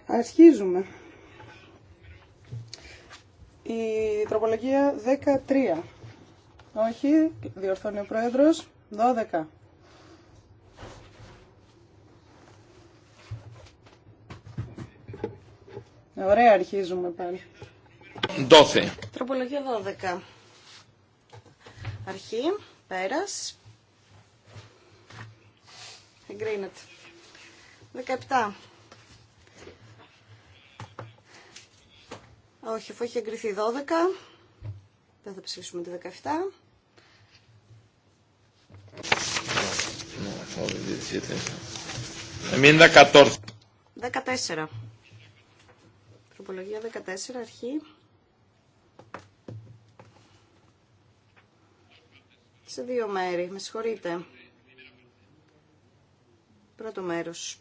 Αρχίζουμε. Η τροπολογία 13. Όχι, διορθώνει ο Πρόεδρος. 12. Ωραία, αρχίζουμε πάλι. 12. Τροπολογία 12 αρχή, πέρας, εγκρίνεται. 17. Όχι, αφού έχει εγκριθεί 12, δεν θα ψηφίσουμε τη 17.
Μην 14.
14. Τροπολογία 14, αρχή. σε δύο μέρη. Με συγχωρείτε. Πρώτο μέρος.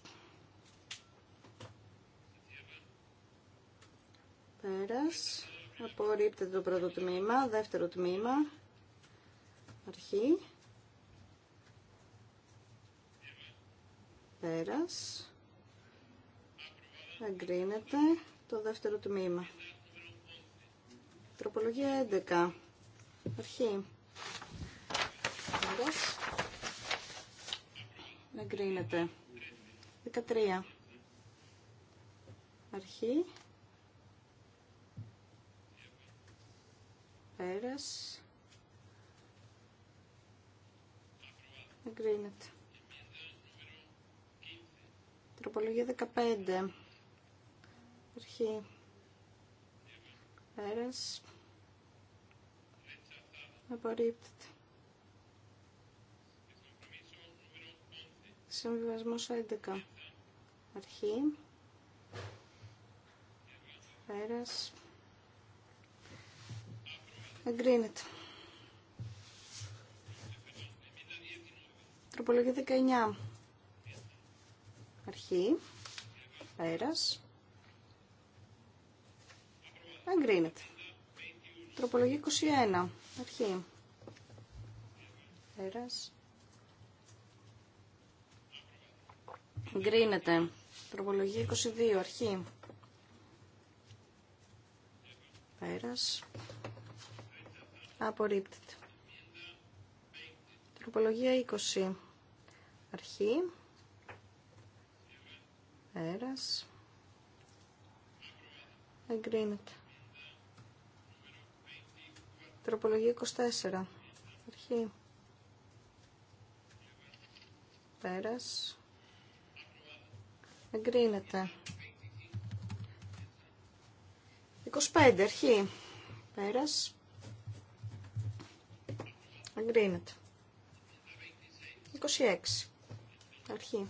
Πέρας. Απορρίπτεται το πρώτο τμήμα. Δεύτερο τμήμα. Αρχή. Πέρας. Αγκρίνεται το δεύτερο τμήμα. Τροπολογία 11. Αρχή. Τέλος. Δεν κρίνεται. 13. Αρχή. Πέρας. Δεν κρίνεται. Τροπολογία 15. Αρχή. Πέρας. Απορρίπτεται. Συμβιβασμός 11. Αρχή. Πέρας. Εγκρίνεται. Τροπολογία 19. Αρχή. Πέρας. Εγκρίνεται. Τροπολογία 21. Αρχή. Πέρας. Εγκρίνεται. Τροπολογία 22. Αρχή. Πέρας. Απορρίπτεται. Τροπολογία 20. Αρχή. Πέρας. Εγκρίνεται. Τροπολογία 24. Αρχή. Πέρας. Εγκρίνεται. 25, αρχή. Πέρας. Εγκρίνεται. 26, αρχή.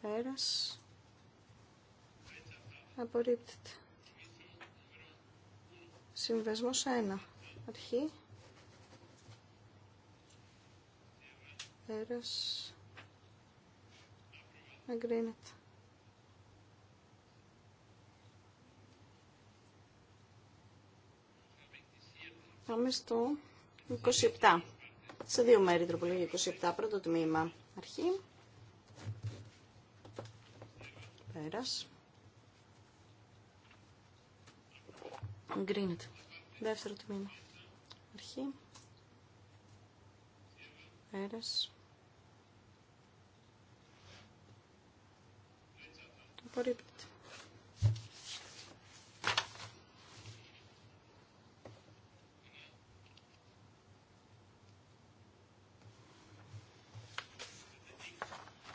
Πέρας. Απορρίπτεται. Συμβεσμός 1, αρχή. Πέρας. Εγκρίνεται. Πάμε στο 27. Σε δύο μέρη τροπολογία 27. Πρώτο τμήμα. Αρχή. Πέρας. Εγκρίνεται. Δεύτερο τμήμα. Αρχή. Πέρας. απορρίπτεται.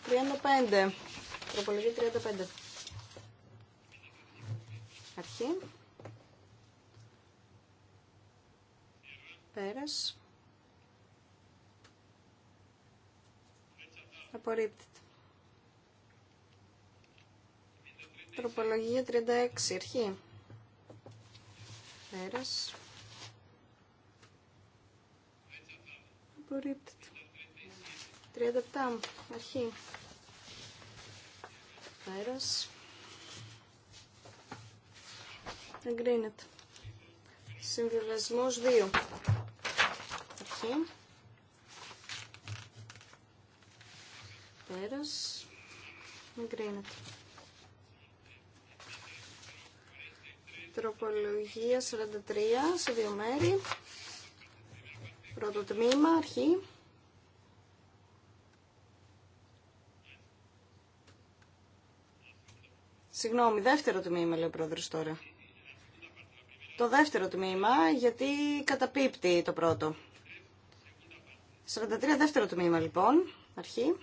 Τριάντα πέντε. Τροπολογία τριάντα πέντε. Αρχή. Πέρας. Απορρίπτεται. Τροπολογία 36, αρχή. Πέρας. Απορρίπτεται. 37, αρχή. Πέρας. Εγκρίνεται. Συμβιβασμός 2. Αρχή. Πέρας. Εγκρίνεται. Τροπολογία 43 σε δύο μέρη. Πρώτο τμήμα, αρχή. Συγγνώμη, δεύτερο τμήμα λέει ο πρόεδρος τώρα. Το δεύτερο τμήμα, γιατί καταπίπτει το πρώτο. 43 δεύτερο τμήμα λοιπόν, αρχή.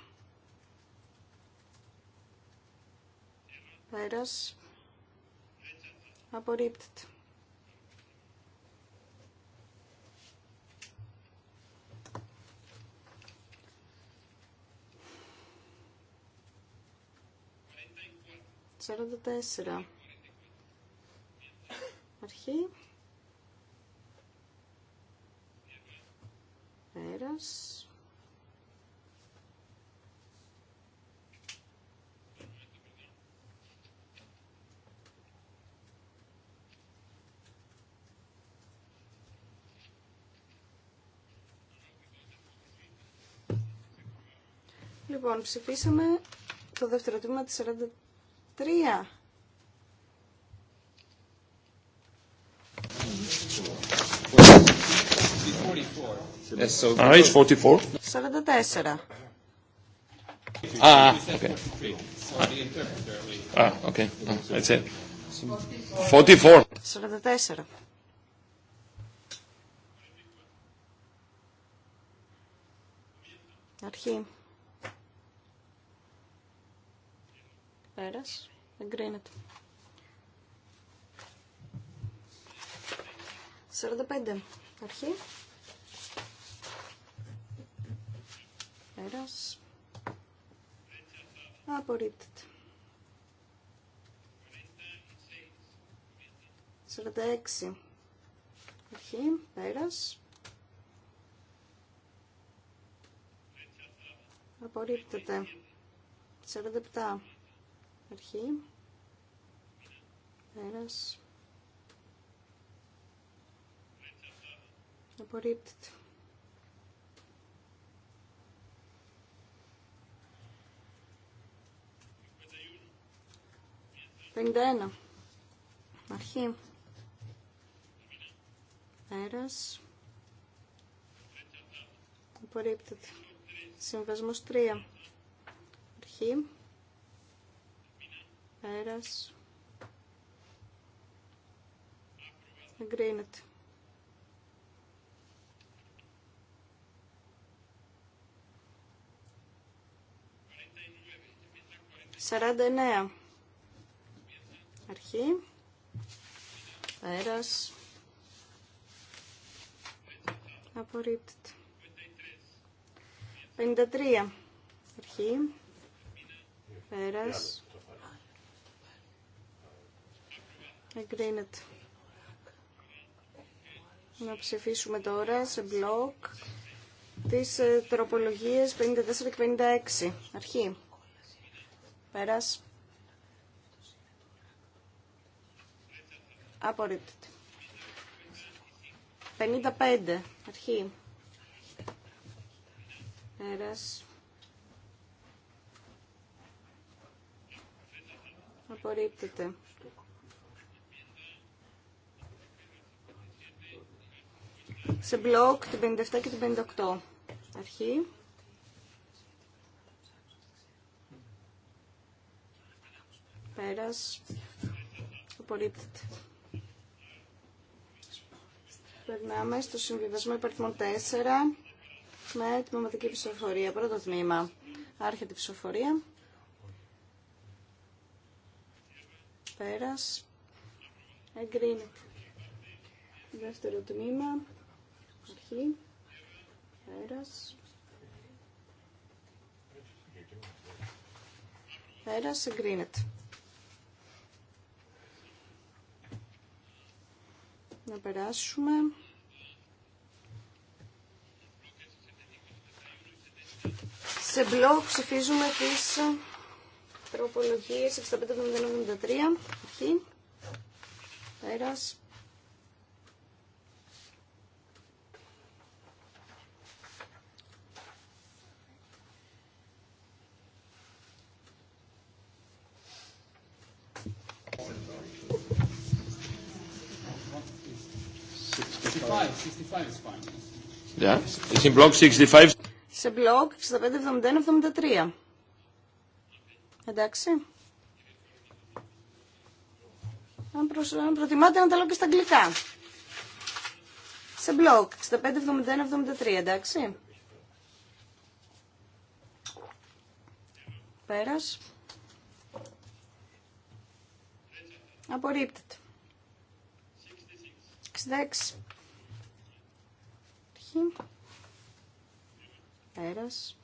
Πέρας. Απορρίπτεται. Σαράντα τέσσερα. Αρχή. Πέρας. Λοιπόν, ψηφίσαμε το δεύτερο τμήμα της 43.
Ah, it's 44.
44.
Ah, okay. Ah, ah, okay. That's it.
44. 44. Αρχή. Πέρας. Εγκρίνεται. 45. Αρχή. Πέρας. Απορρίπτεται. 46. Αρχή. Πέρας. Απορρίπτεται. 47. Αρχή. Πέρας. Απορρίπτεται. Πενήντα ένα. Αρχή. Πέρας. Απορρίπτεται. Συμβασμός τρία. Αρχή. Πέρας. Εγκρίνεται. Σαράντα εννέα. Αρχή. Πέρας. Απορρίπτεται. 53. Αρχή. Πέρας. Εγκρίνεται. Να ψηφίσουμε τώρα σε μπλοκ τις ε, τροπολογίες 54 και 56. Αρχή. Πέρας. Απορρίπτεται. 55. Αρχή. Πέρας. Απορρίπτεται. σε μπλοκ την 57 και την 58. Αρχή. Πέρας. Απορρίπτεται. Περνάμε στο συμβιβασμό υπαριθμών 4 με τη μαματική ψηφοφορία. Πρώτο τμήμα. Άρχεται η ψηφοφορία. Πέρας. Εγκρίνεται. Δεύτερο τμήμα αρχή, πέρας. Πέρας, εγκρίνεται. Να περάσουμε. Σε μπλοκ ψηφίζουμε τις τροπολογίες 65-73, αρχή,
Yeah. It's in block 65.
Σε μπλοκ 65-71-73. Εντάξει. Αν, προσ... αν προτιμάτε να τα λέω και στα αγγλικά. Σε μπλοκ 65-71-73. Εντάξει. Πέρας. Απορρίπτεται. 66. Υπάρχει. Πέρας.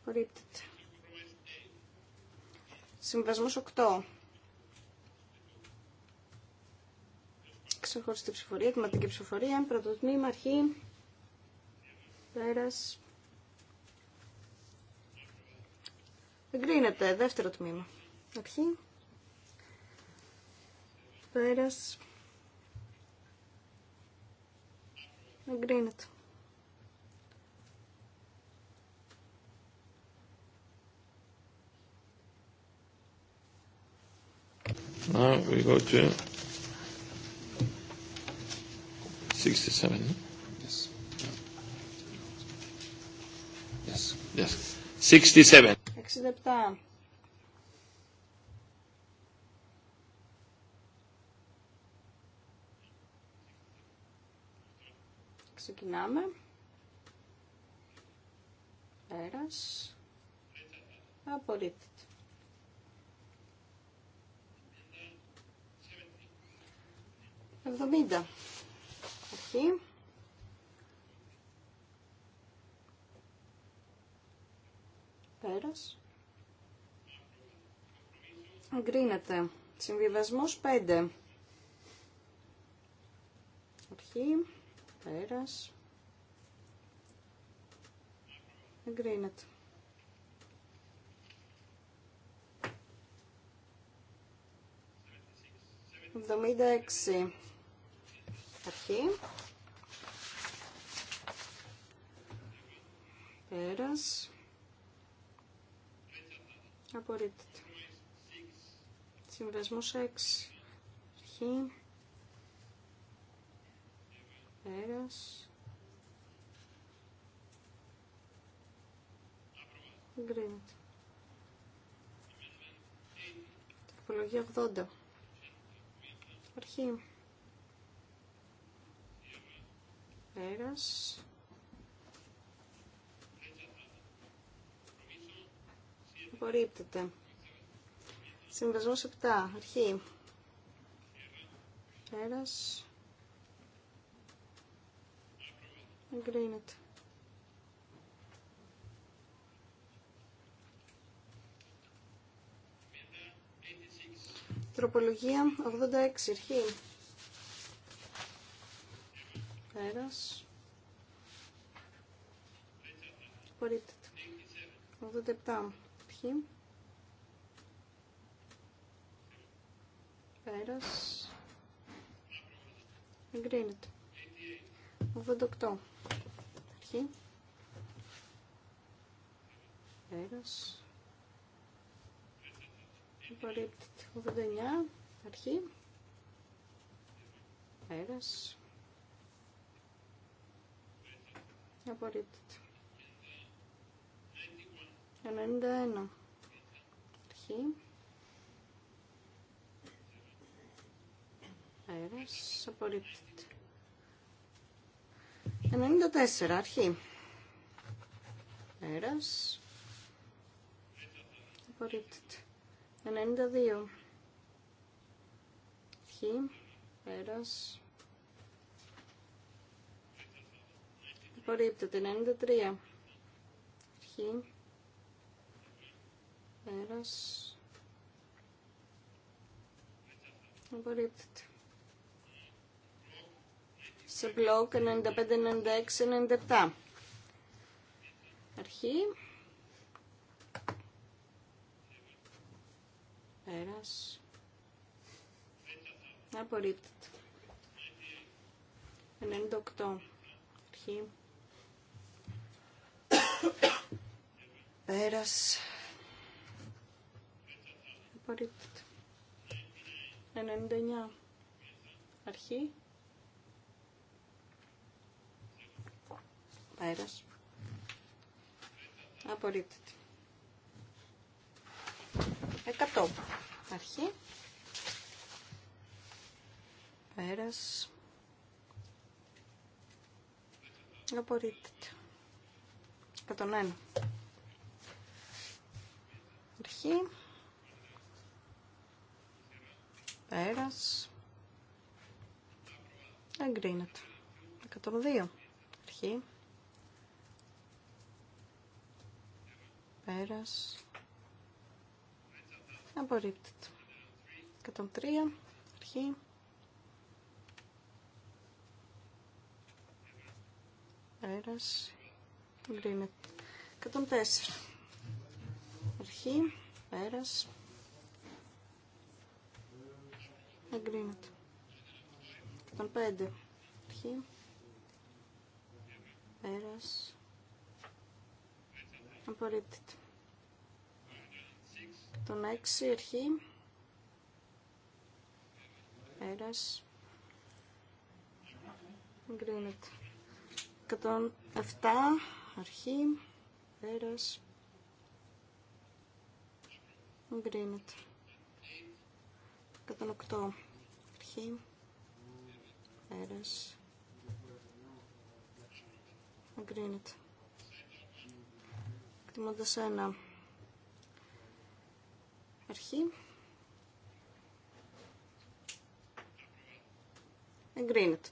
Απορρίπτεται. Συμβασμός 8. Ξεχωριστή ψηφορία, κομματική ψηφορία, πρώτο τμήμα, αρχή, πέρας. Εγκρίνεται, δεύτερο τμήμα. Αρχή. Πέρας. Εγκρίνεται.
Now we go to 67. Yes. Yes. 67.
67. Ξεκινάμε. Πέρας. Απορρίπτεται. 70. Αρχή. Πέρας. Εγκρίνεται. Συμβιβασμός 5. Αρχή. Πέρας. Εγκρίνεται. Εβδομήντα έξι. Αρχή. Πέρας. Απορρίπτεται. Συμβασμός έξι. Αρχή. Αέρας. Εγκρίνεται. Τεχνολογία 80. Αρχή. Αέρας. Απορρίπτεται. Συμβασμός 7. Αρχή. Πέρας. Εγκρίνεται. Τροπολογία 86, αρχή. Πέρας. Απορρίπτεται. 87, αρχή. Πέρας. Εγκρίνεται. 88. Αρχή. Πέρας. Απορρίπτεται. 89. Αρχή. Πέρας. Απορρίπτεται. 91. Αρχή. Αέρας απορρίπτεται. 94, αρχή. Πέρας. Απορρίπτεται. 92. Αρχή. Πέρας. Απορρίπτεται. 93. Αρχή. Πέρας. Απορρίπτεται σε μπλοκ 95, 96, 97. Αρχή. Πέρας. Απορρίπτεται. 98. Αρχή. Πέρας. Απορρίπτεται. 99. Αρχή. Αέρας. Απορρίπτεται. Εκατό. Αρχή. Πέρας. Απορρίπτεται. 101. Αρχή. Πέρας. Εγκρίνεται. 102. Αρχή. πέρας απορρίπτεται 103 αρχή πέρας εγκρίνεται 104 αρχή πέρας εγκρίνεται 105 αρχή πέρας απορρίπτεται 106 αρχή. Πέρας. Εγκρίνεται. 107 αρχή. Πέρας. Εγκρίνεται. 108 αρχή. Πέρας. Εγκρίνεται. Εκτιμώντας ένα Αρχή. Εγκρίνεται.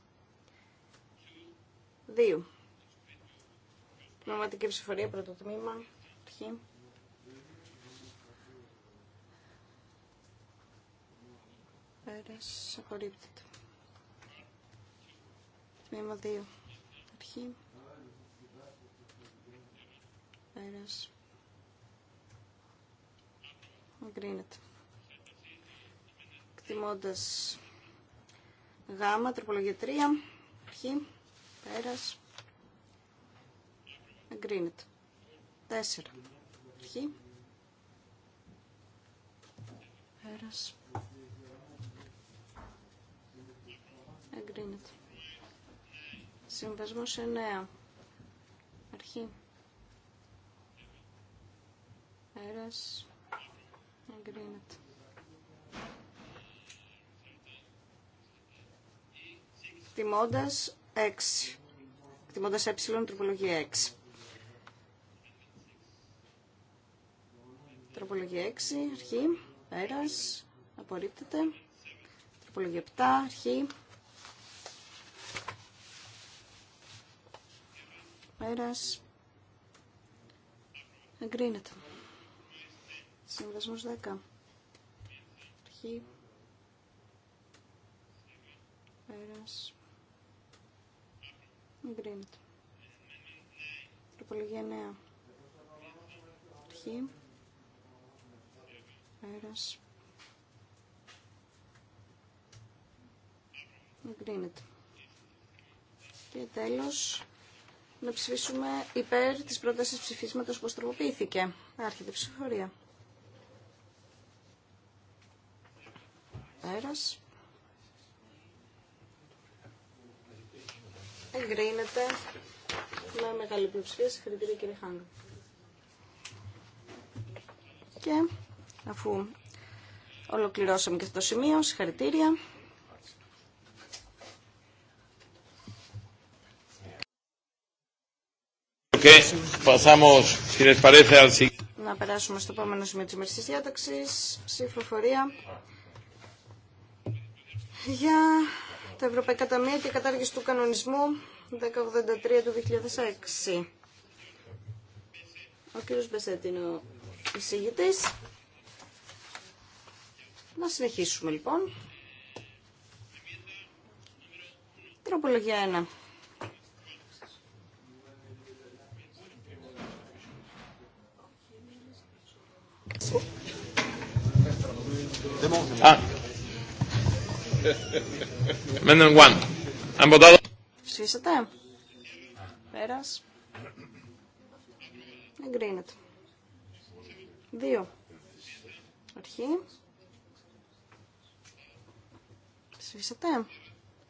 Δύο. Πνευματική ψηφορία, πρώτο τμήμα. Αρχή. Πέρας, απορρίπτεται. Τμήμα δύο. Αρχή. Πέρας. Εγκρίνεται. Εκτιμώντας γάμα, τροπολογία 3. Ποιοι. Πέρας. Εγκρίνεται. 4. Ποιοι. Πέρας. Εγκρίνεται. Συμβασμός 9. Αρχή. Πέρας. Εγκρίνεται. 6. Τιμώντας 6. Τιμώντας ε, τροπολογία 6. Τροπολογία 6, αρχή, πέρας, απορρίπτεται. Τροπολογία 7, αρχή, πέρας, εγκρίνεται. Συμβασμός 10. Αρχή. Πέρας. Εγκρίνεται. Τροπολογία 9. Αρχή. Πέρας. Εγκρίνεται. Και τέλος να ψηφίσουμε υπέρ της πρότασης ψηφίσματος που τροποποιήθηκε. Άρχεται η ψηφοφορία. Πέρας. Εγκρίνεται με μεγάλη πλειοψηφία. Συγχαρητήρια κύριε Χάγκα. Και αφού ολοκληρώσαμε και αυτό το σημείο, συγχαρητήρια. Να περάσουμε στο επόμενο σημείο της ημερικής διάταξη. ψηφοφορία για τα Ευρωπαϊκά Ταμεία και κατάργηση του κανονισμού 1083 του 2006. Ο κύριος Μπεσέτη είναι ο εισηγητής. Να συνεχίσουμε λοιπόν. Τροπολογία 1. Ah. Ψήσατε. Πέρας. Εγκρίνεται. Δύο. Αρχή. Ψήσατε.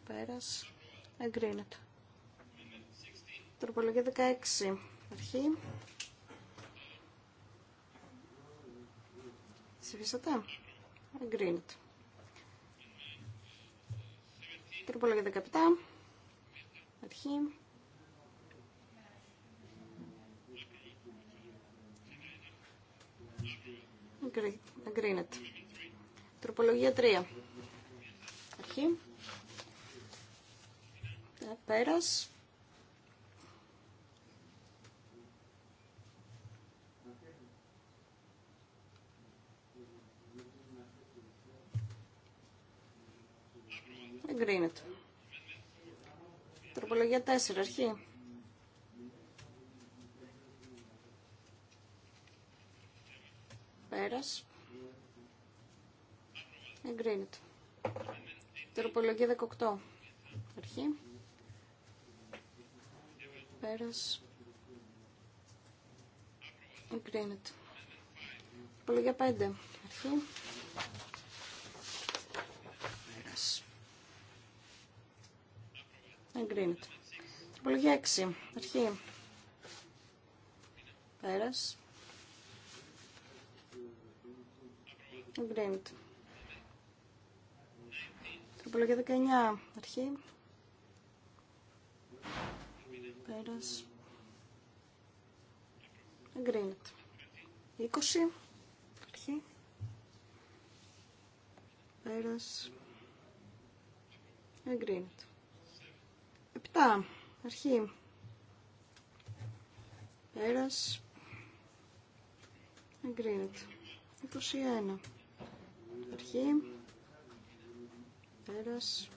Πέρας. Εγκρίνεται. Τροπολογία 16. Αρχή. Ψηφίσατε. Εγκρίνεται. Τροπολογία 17. Αρχή. Αγκρίνεται. Τροπολογία 3. Αρχή. Ε, πέρας. εγκρίνεται. Τροπολογία 4, αρχή. Πέρας. Εγκρίνεται. Τροπολογία 18, αρχή. Πέρας. Εγκρίνεται. Τροπολογία 5, αρχή. Εγκρίνεται. Τροπολογία 6. Αρχή. Πέρα. Εγκρίνεται. Τροπολογία 19. Αρχή. Πέρα. Εγκρίνεται. 20. Αρχή. Πέρας. Εγκρίνεται. 7. Αρχή. Πέρας. Εγκρίνεται. 21. Αρχή. Πέρας.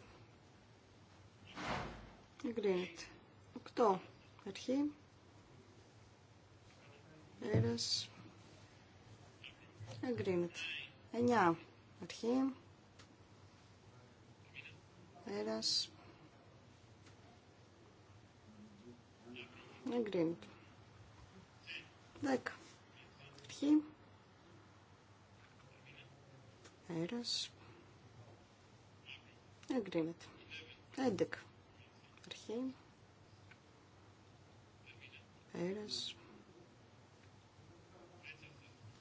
Εγκρίνεται. 8. Αρχή. Πέρας. Εγκρίνεται. 9. Αρχή. Πέρας. Εγκρίνεται. Δέκα. Αρχή. Αέρας. Εγκρίνεται. Έντεκα. Αρχή. Αέρας.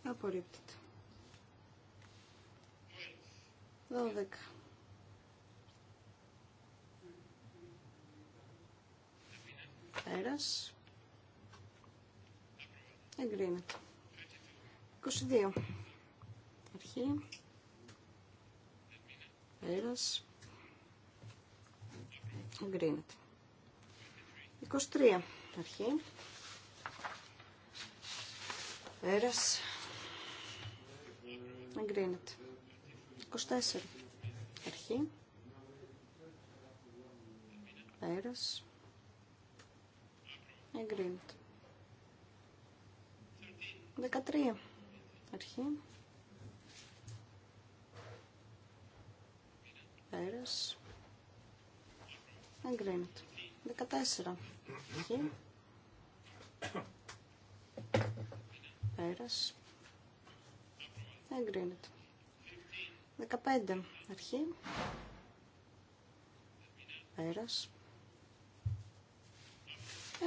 Απορρίπτεται. Δώδεκα. Πέρας. Εγκρίνεται. 22. Αρχή. Πέρας. Εγκρίνεται. 23. Αρχή. Πέρας. Εγκρίνεται. 24. Αρχή. Πέρας. Εγκρίνεται. Δεκατρία. Αρχή. Πέρας. Εγκρίνεται. Δεκατέσσερα. Αρχή. Πέρας. Εγκρίνεται. Δεκαπέντε. Αρχή. Πέρας.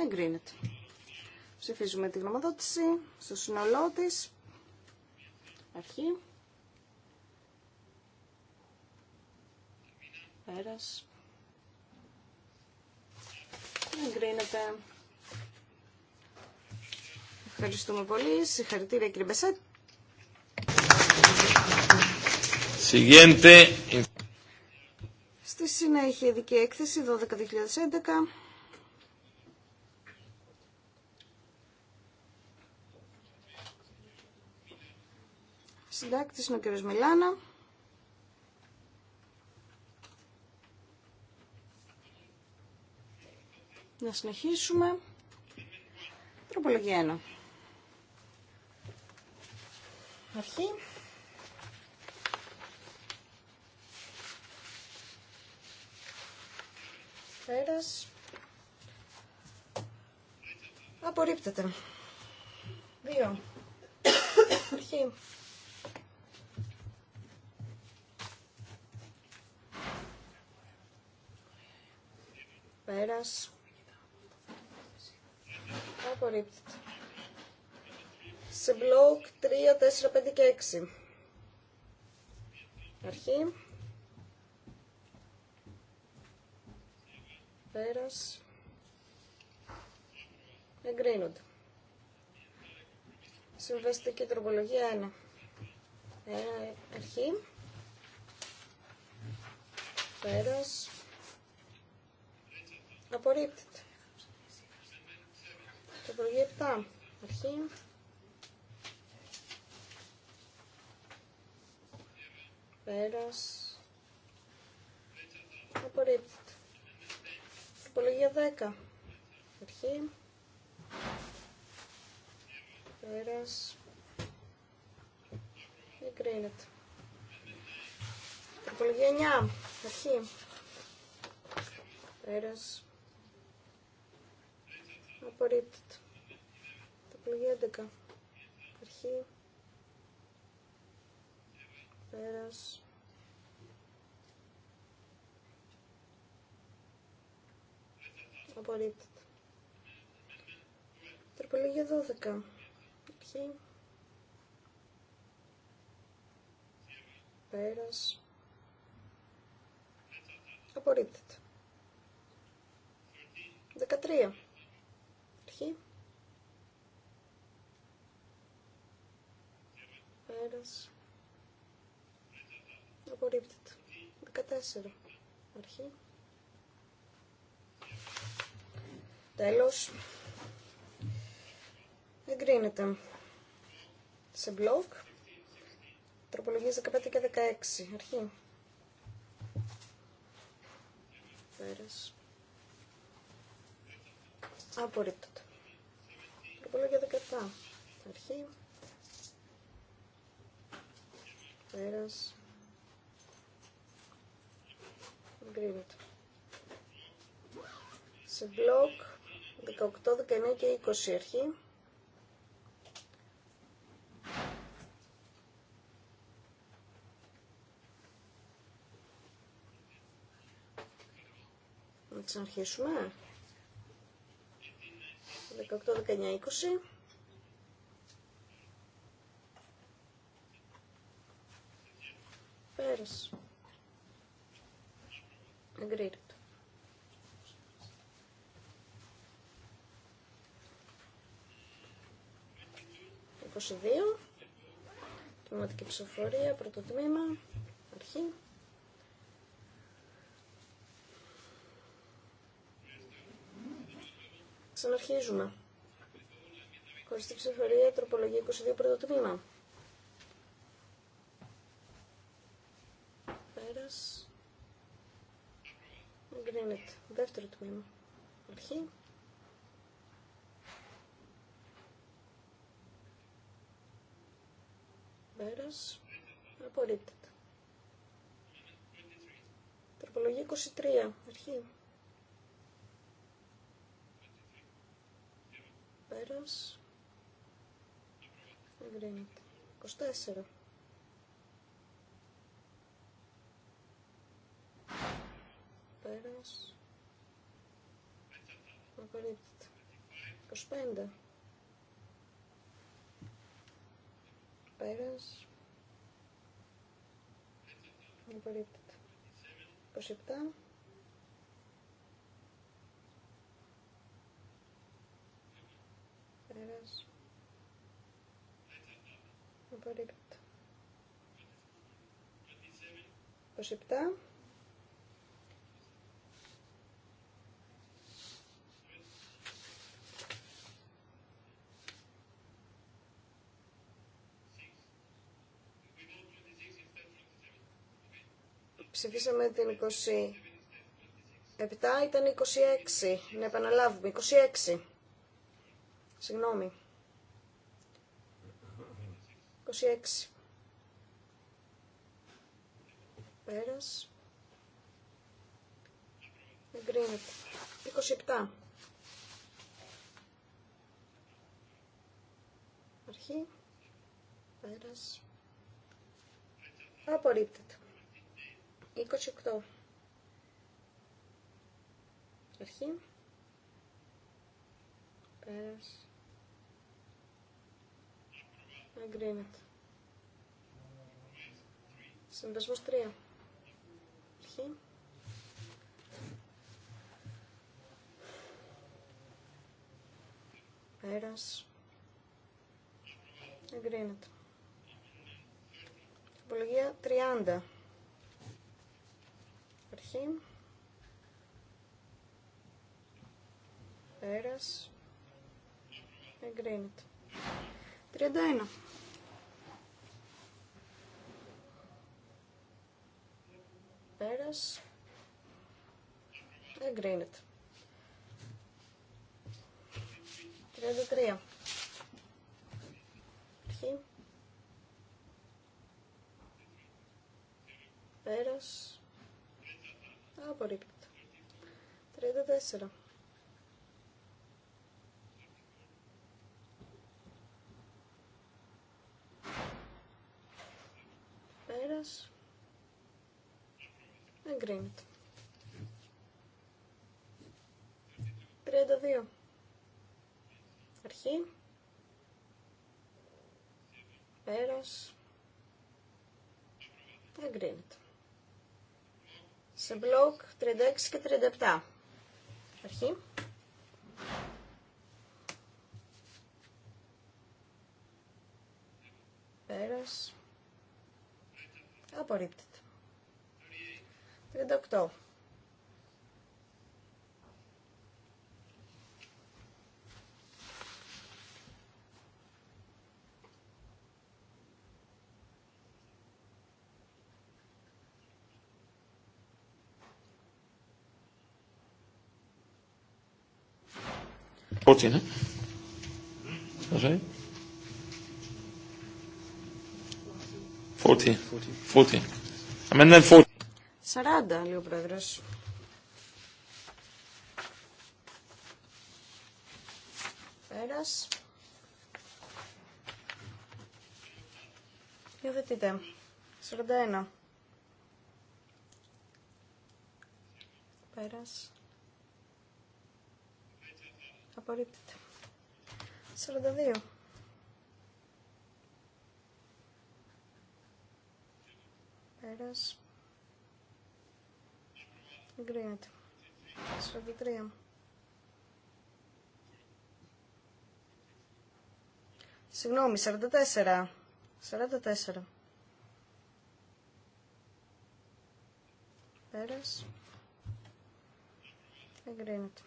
Εγκρίνεται. Ψηφίζουμε τη γνωμοδότηση στο σύνολό τη. Αρχή. Πέρας. Εγκρίνεται. Ευχαριστούμε πολύ. Συγχαρητήρια κύριε Μπεσέτ. Στη συνέχεια η ειδική 12.2011. συντάκτη είναι ο κ. Μιλάνα. Να συνεχίσουμε. Τροπολογία 1. Αρχή. Πέρας. Απορρίπτεται. Δύο. Αρχή. Πέρας. Απορρίπτεται. Σε μπλοκ 3, 4, 5 και 6. Αρχή. Πέρας. Εγκρίνονται. Συμβαστική τροπολογία 1. Ε, αρχή. Πέρας. Απορρίπτεται. Τροπολογία 7. Αρχή. Πέρας. Απορρίπτεται. Τροπολογία 10. Αρχή. Πέρας. Εγκρίνεται. Τροπολογία 9. Αρχή. Πέρας. Απορρίπτεται. Τροπολογία 11. Αρχή. Πέρας. Απορρίπτεται. Τροπολογία 12. Αρχή. Πέρας. Απορρίπτεται. 13. Πέρας. Απορρίπτεται. 14. Αρχή. Τέλος. Εγκρίνεται. Σε μπλοκ. Τροπολογίες 15 και 16. Αρχή. Πέρας. Απορρίπτεται. Τροπολογία 17. Αρχή. Πέρας. Εγκρίνεται. Σε μπλοκ 18, 19 και 20 αρχή. Να τις αρχίσουμε. 18, 19, 20. Πέρας. 22. Τμηματική ψηφοφορία, πρώτο τμήμα, αρχή. Ξαναρχίζουμε. Χωρίς τη ψηφοφορία, τροπολογία 22, πρώτο τμήμα. Πέρας. Εγκρίνεται. Δεύτερο τμήμα. Αρχή. Πέρας. Απορρίπτεται. Τροπολογία 23. Αρχή. Πέρας. Εγκρίνεται. 24. Πέρας. Απορρίπτεται. 25. Πέρας. Απορρίπτεται. 27. Πέρας. Απορρίπτεται. 27. ψηφίσαμε την 27, ήταν 26. Να επαναλάβουμε, 26. Συγγνώμη. 26. Πέρας. Εγκρίνεται. 27. Αρχή. Πέρας. Απορρίπτεται. 28. Αρχή. Πέρας. Αγκρίνεται Συμβασμός 3. Αρχή. Πέρας. Αγκρίνεται Απολογία 30. Αρχή. Πέρας. Εγκρίνεται. 31. Πέρας. Εγκρίνεται. 33. Πέρας. Απορρίπτεται. 34. Πέρας. Εγκρίνεται. 32. Αρχή. Πέρας. Εγκρίνεται σε μπλοκ 36 και 37. Αρχή. Πέρας. Απορρίπτεται. 38.
14, ne? Right? 40. 40. Amendment 40.
40, λέει ο πρόεδρος. Πέρας. Υιοθετείτε. 41. Πέρας. Απορρίπτεται. 42. Πέρας. Εγκρίνεται. 43. Συγγνώμη, 44. 44. Πέρας. Εγκρίνεται.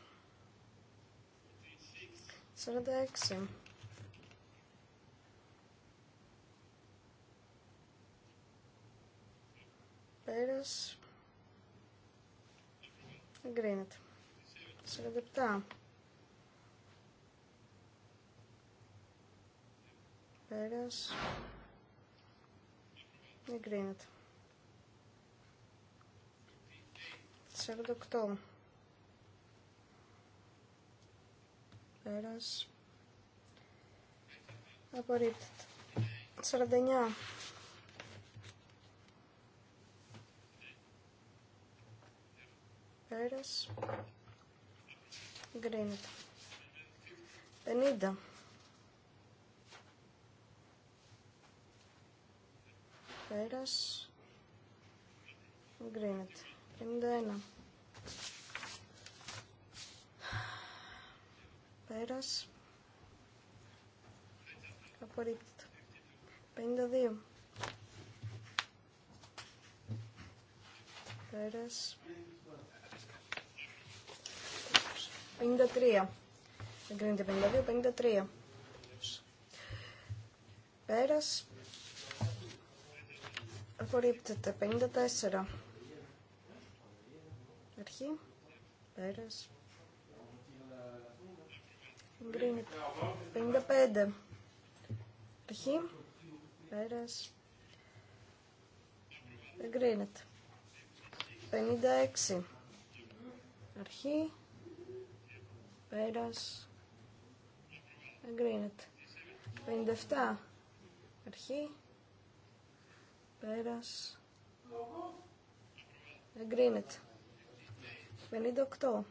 46. Πέρας. Εγκρίνεται. 47. Πέρας. Εγκρίνεται. 48. Πέρας. Απορρίπτεται. 49. Πέρας. Γκρίνεται. 50. Πέρας. Γκρίνεται. 51. Πέρας. Απορρίπτω. 52. Πέρας. 53. κρίνεται 52, 53. Πέρας. Απορρίπτεται 54. Αρχή. Πέρας γκρίνεται. 55. Π.χ. Πέρας. γκρίνεται. 56. Αρχή. Πέρας. Εγκρίνεται. 57. Αρχή. Πέρας. Εγκρίνεται. 58.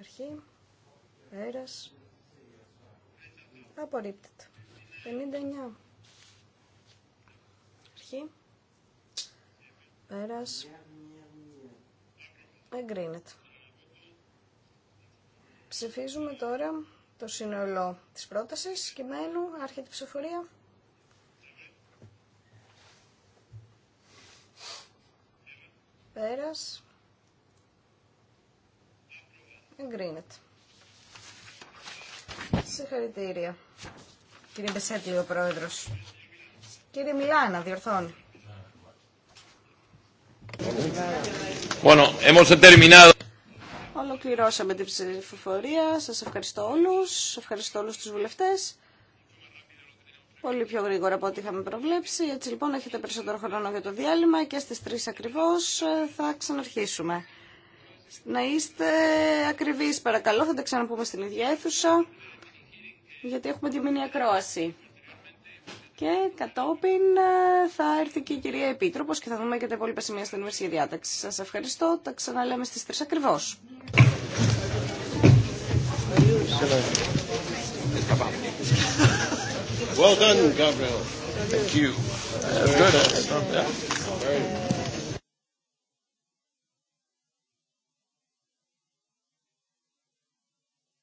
Αρχή. Πέρας. Απορρίπτεται. 59. Αρχή. Πέρας. Εγκρίνεται. Ψηφίζουμε τώρα το σύνολο της πρότασης κειμένου. Άρχεται η ψηφορία. Πέρας. Εγκρίνεται. Συγχαρητήρια. Κύριε Μπεσέτλη, ο πρόεδρος. Κύριε Μιλάνα, διορθώνει.
Bueno, hemos terminado.
Ολοκληρώσαμε την ψηφοφορία. Σας ευχαριστώ όλους. Ευχαριστώ όλους τους βουλευτές. Πολύ πιο γρήγορα από ό,τι είχαμε προβλέψει. Έτσι λοιπόν έχετε περισσότερο χρόνο για το διάλειμμα και στις 3 ακριβώς ε, θα ξαναρχίσουμε να είστε ακριβείς παρακαλώ, θα τα ξαναπούμε στην ίδια αίθουσα, γιατί έχουμε τη μήνυα ακρόαση. Και κατόπιν ε, θα έρθει και η κυρία Επίτροπος και θα δούμε και τα υπόλοιπα σημεία στην ημερήσια διάταξη. Σας ευχαριστώ, τα ξαναλέμε στις 3 ακριβώς.
Gabriel. Thank you. good.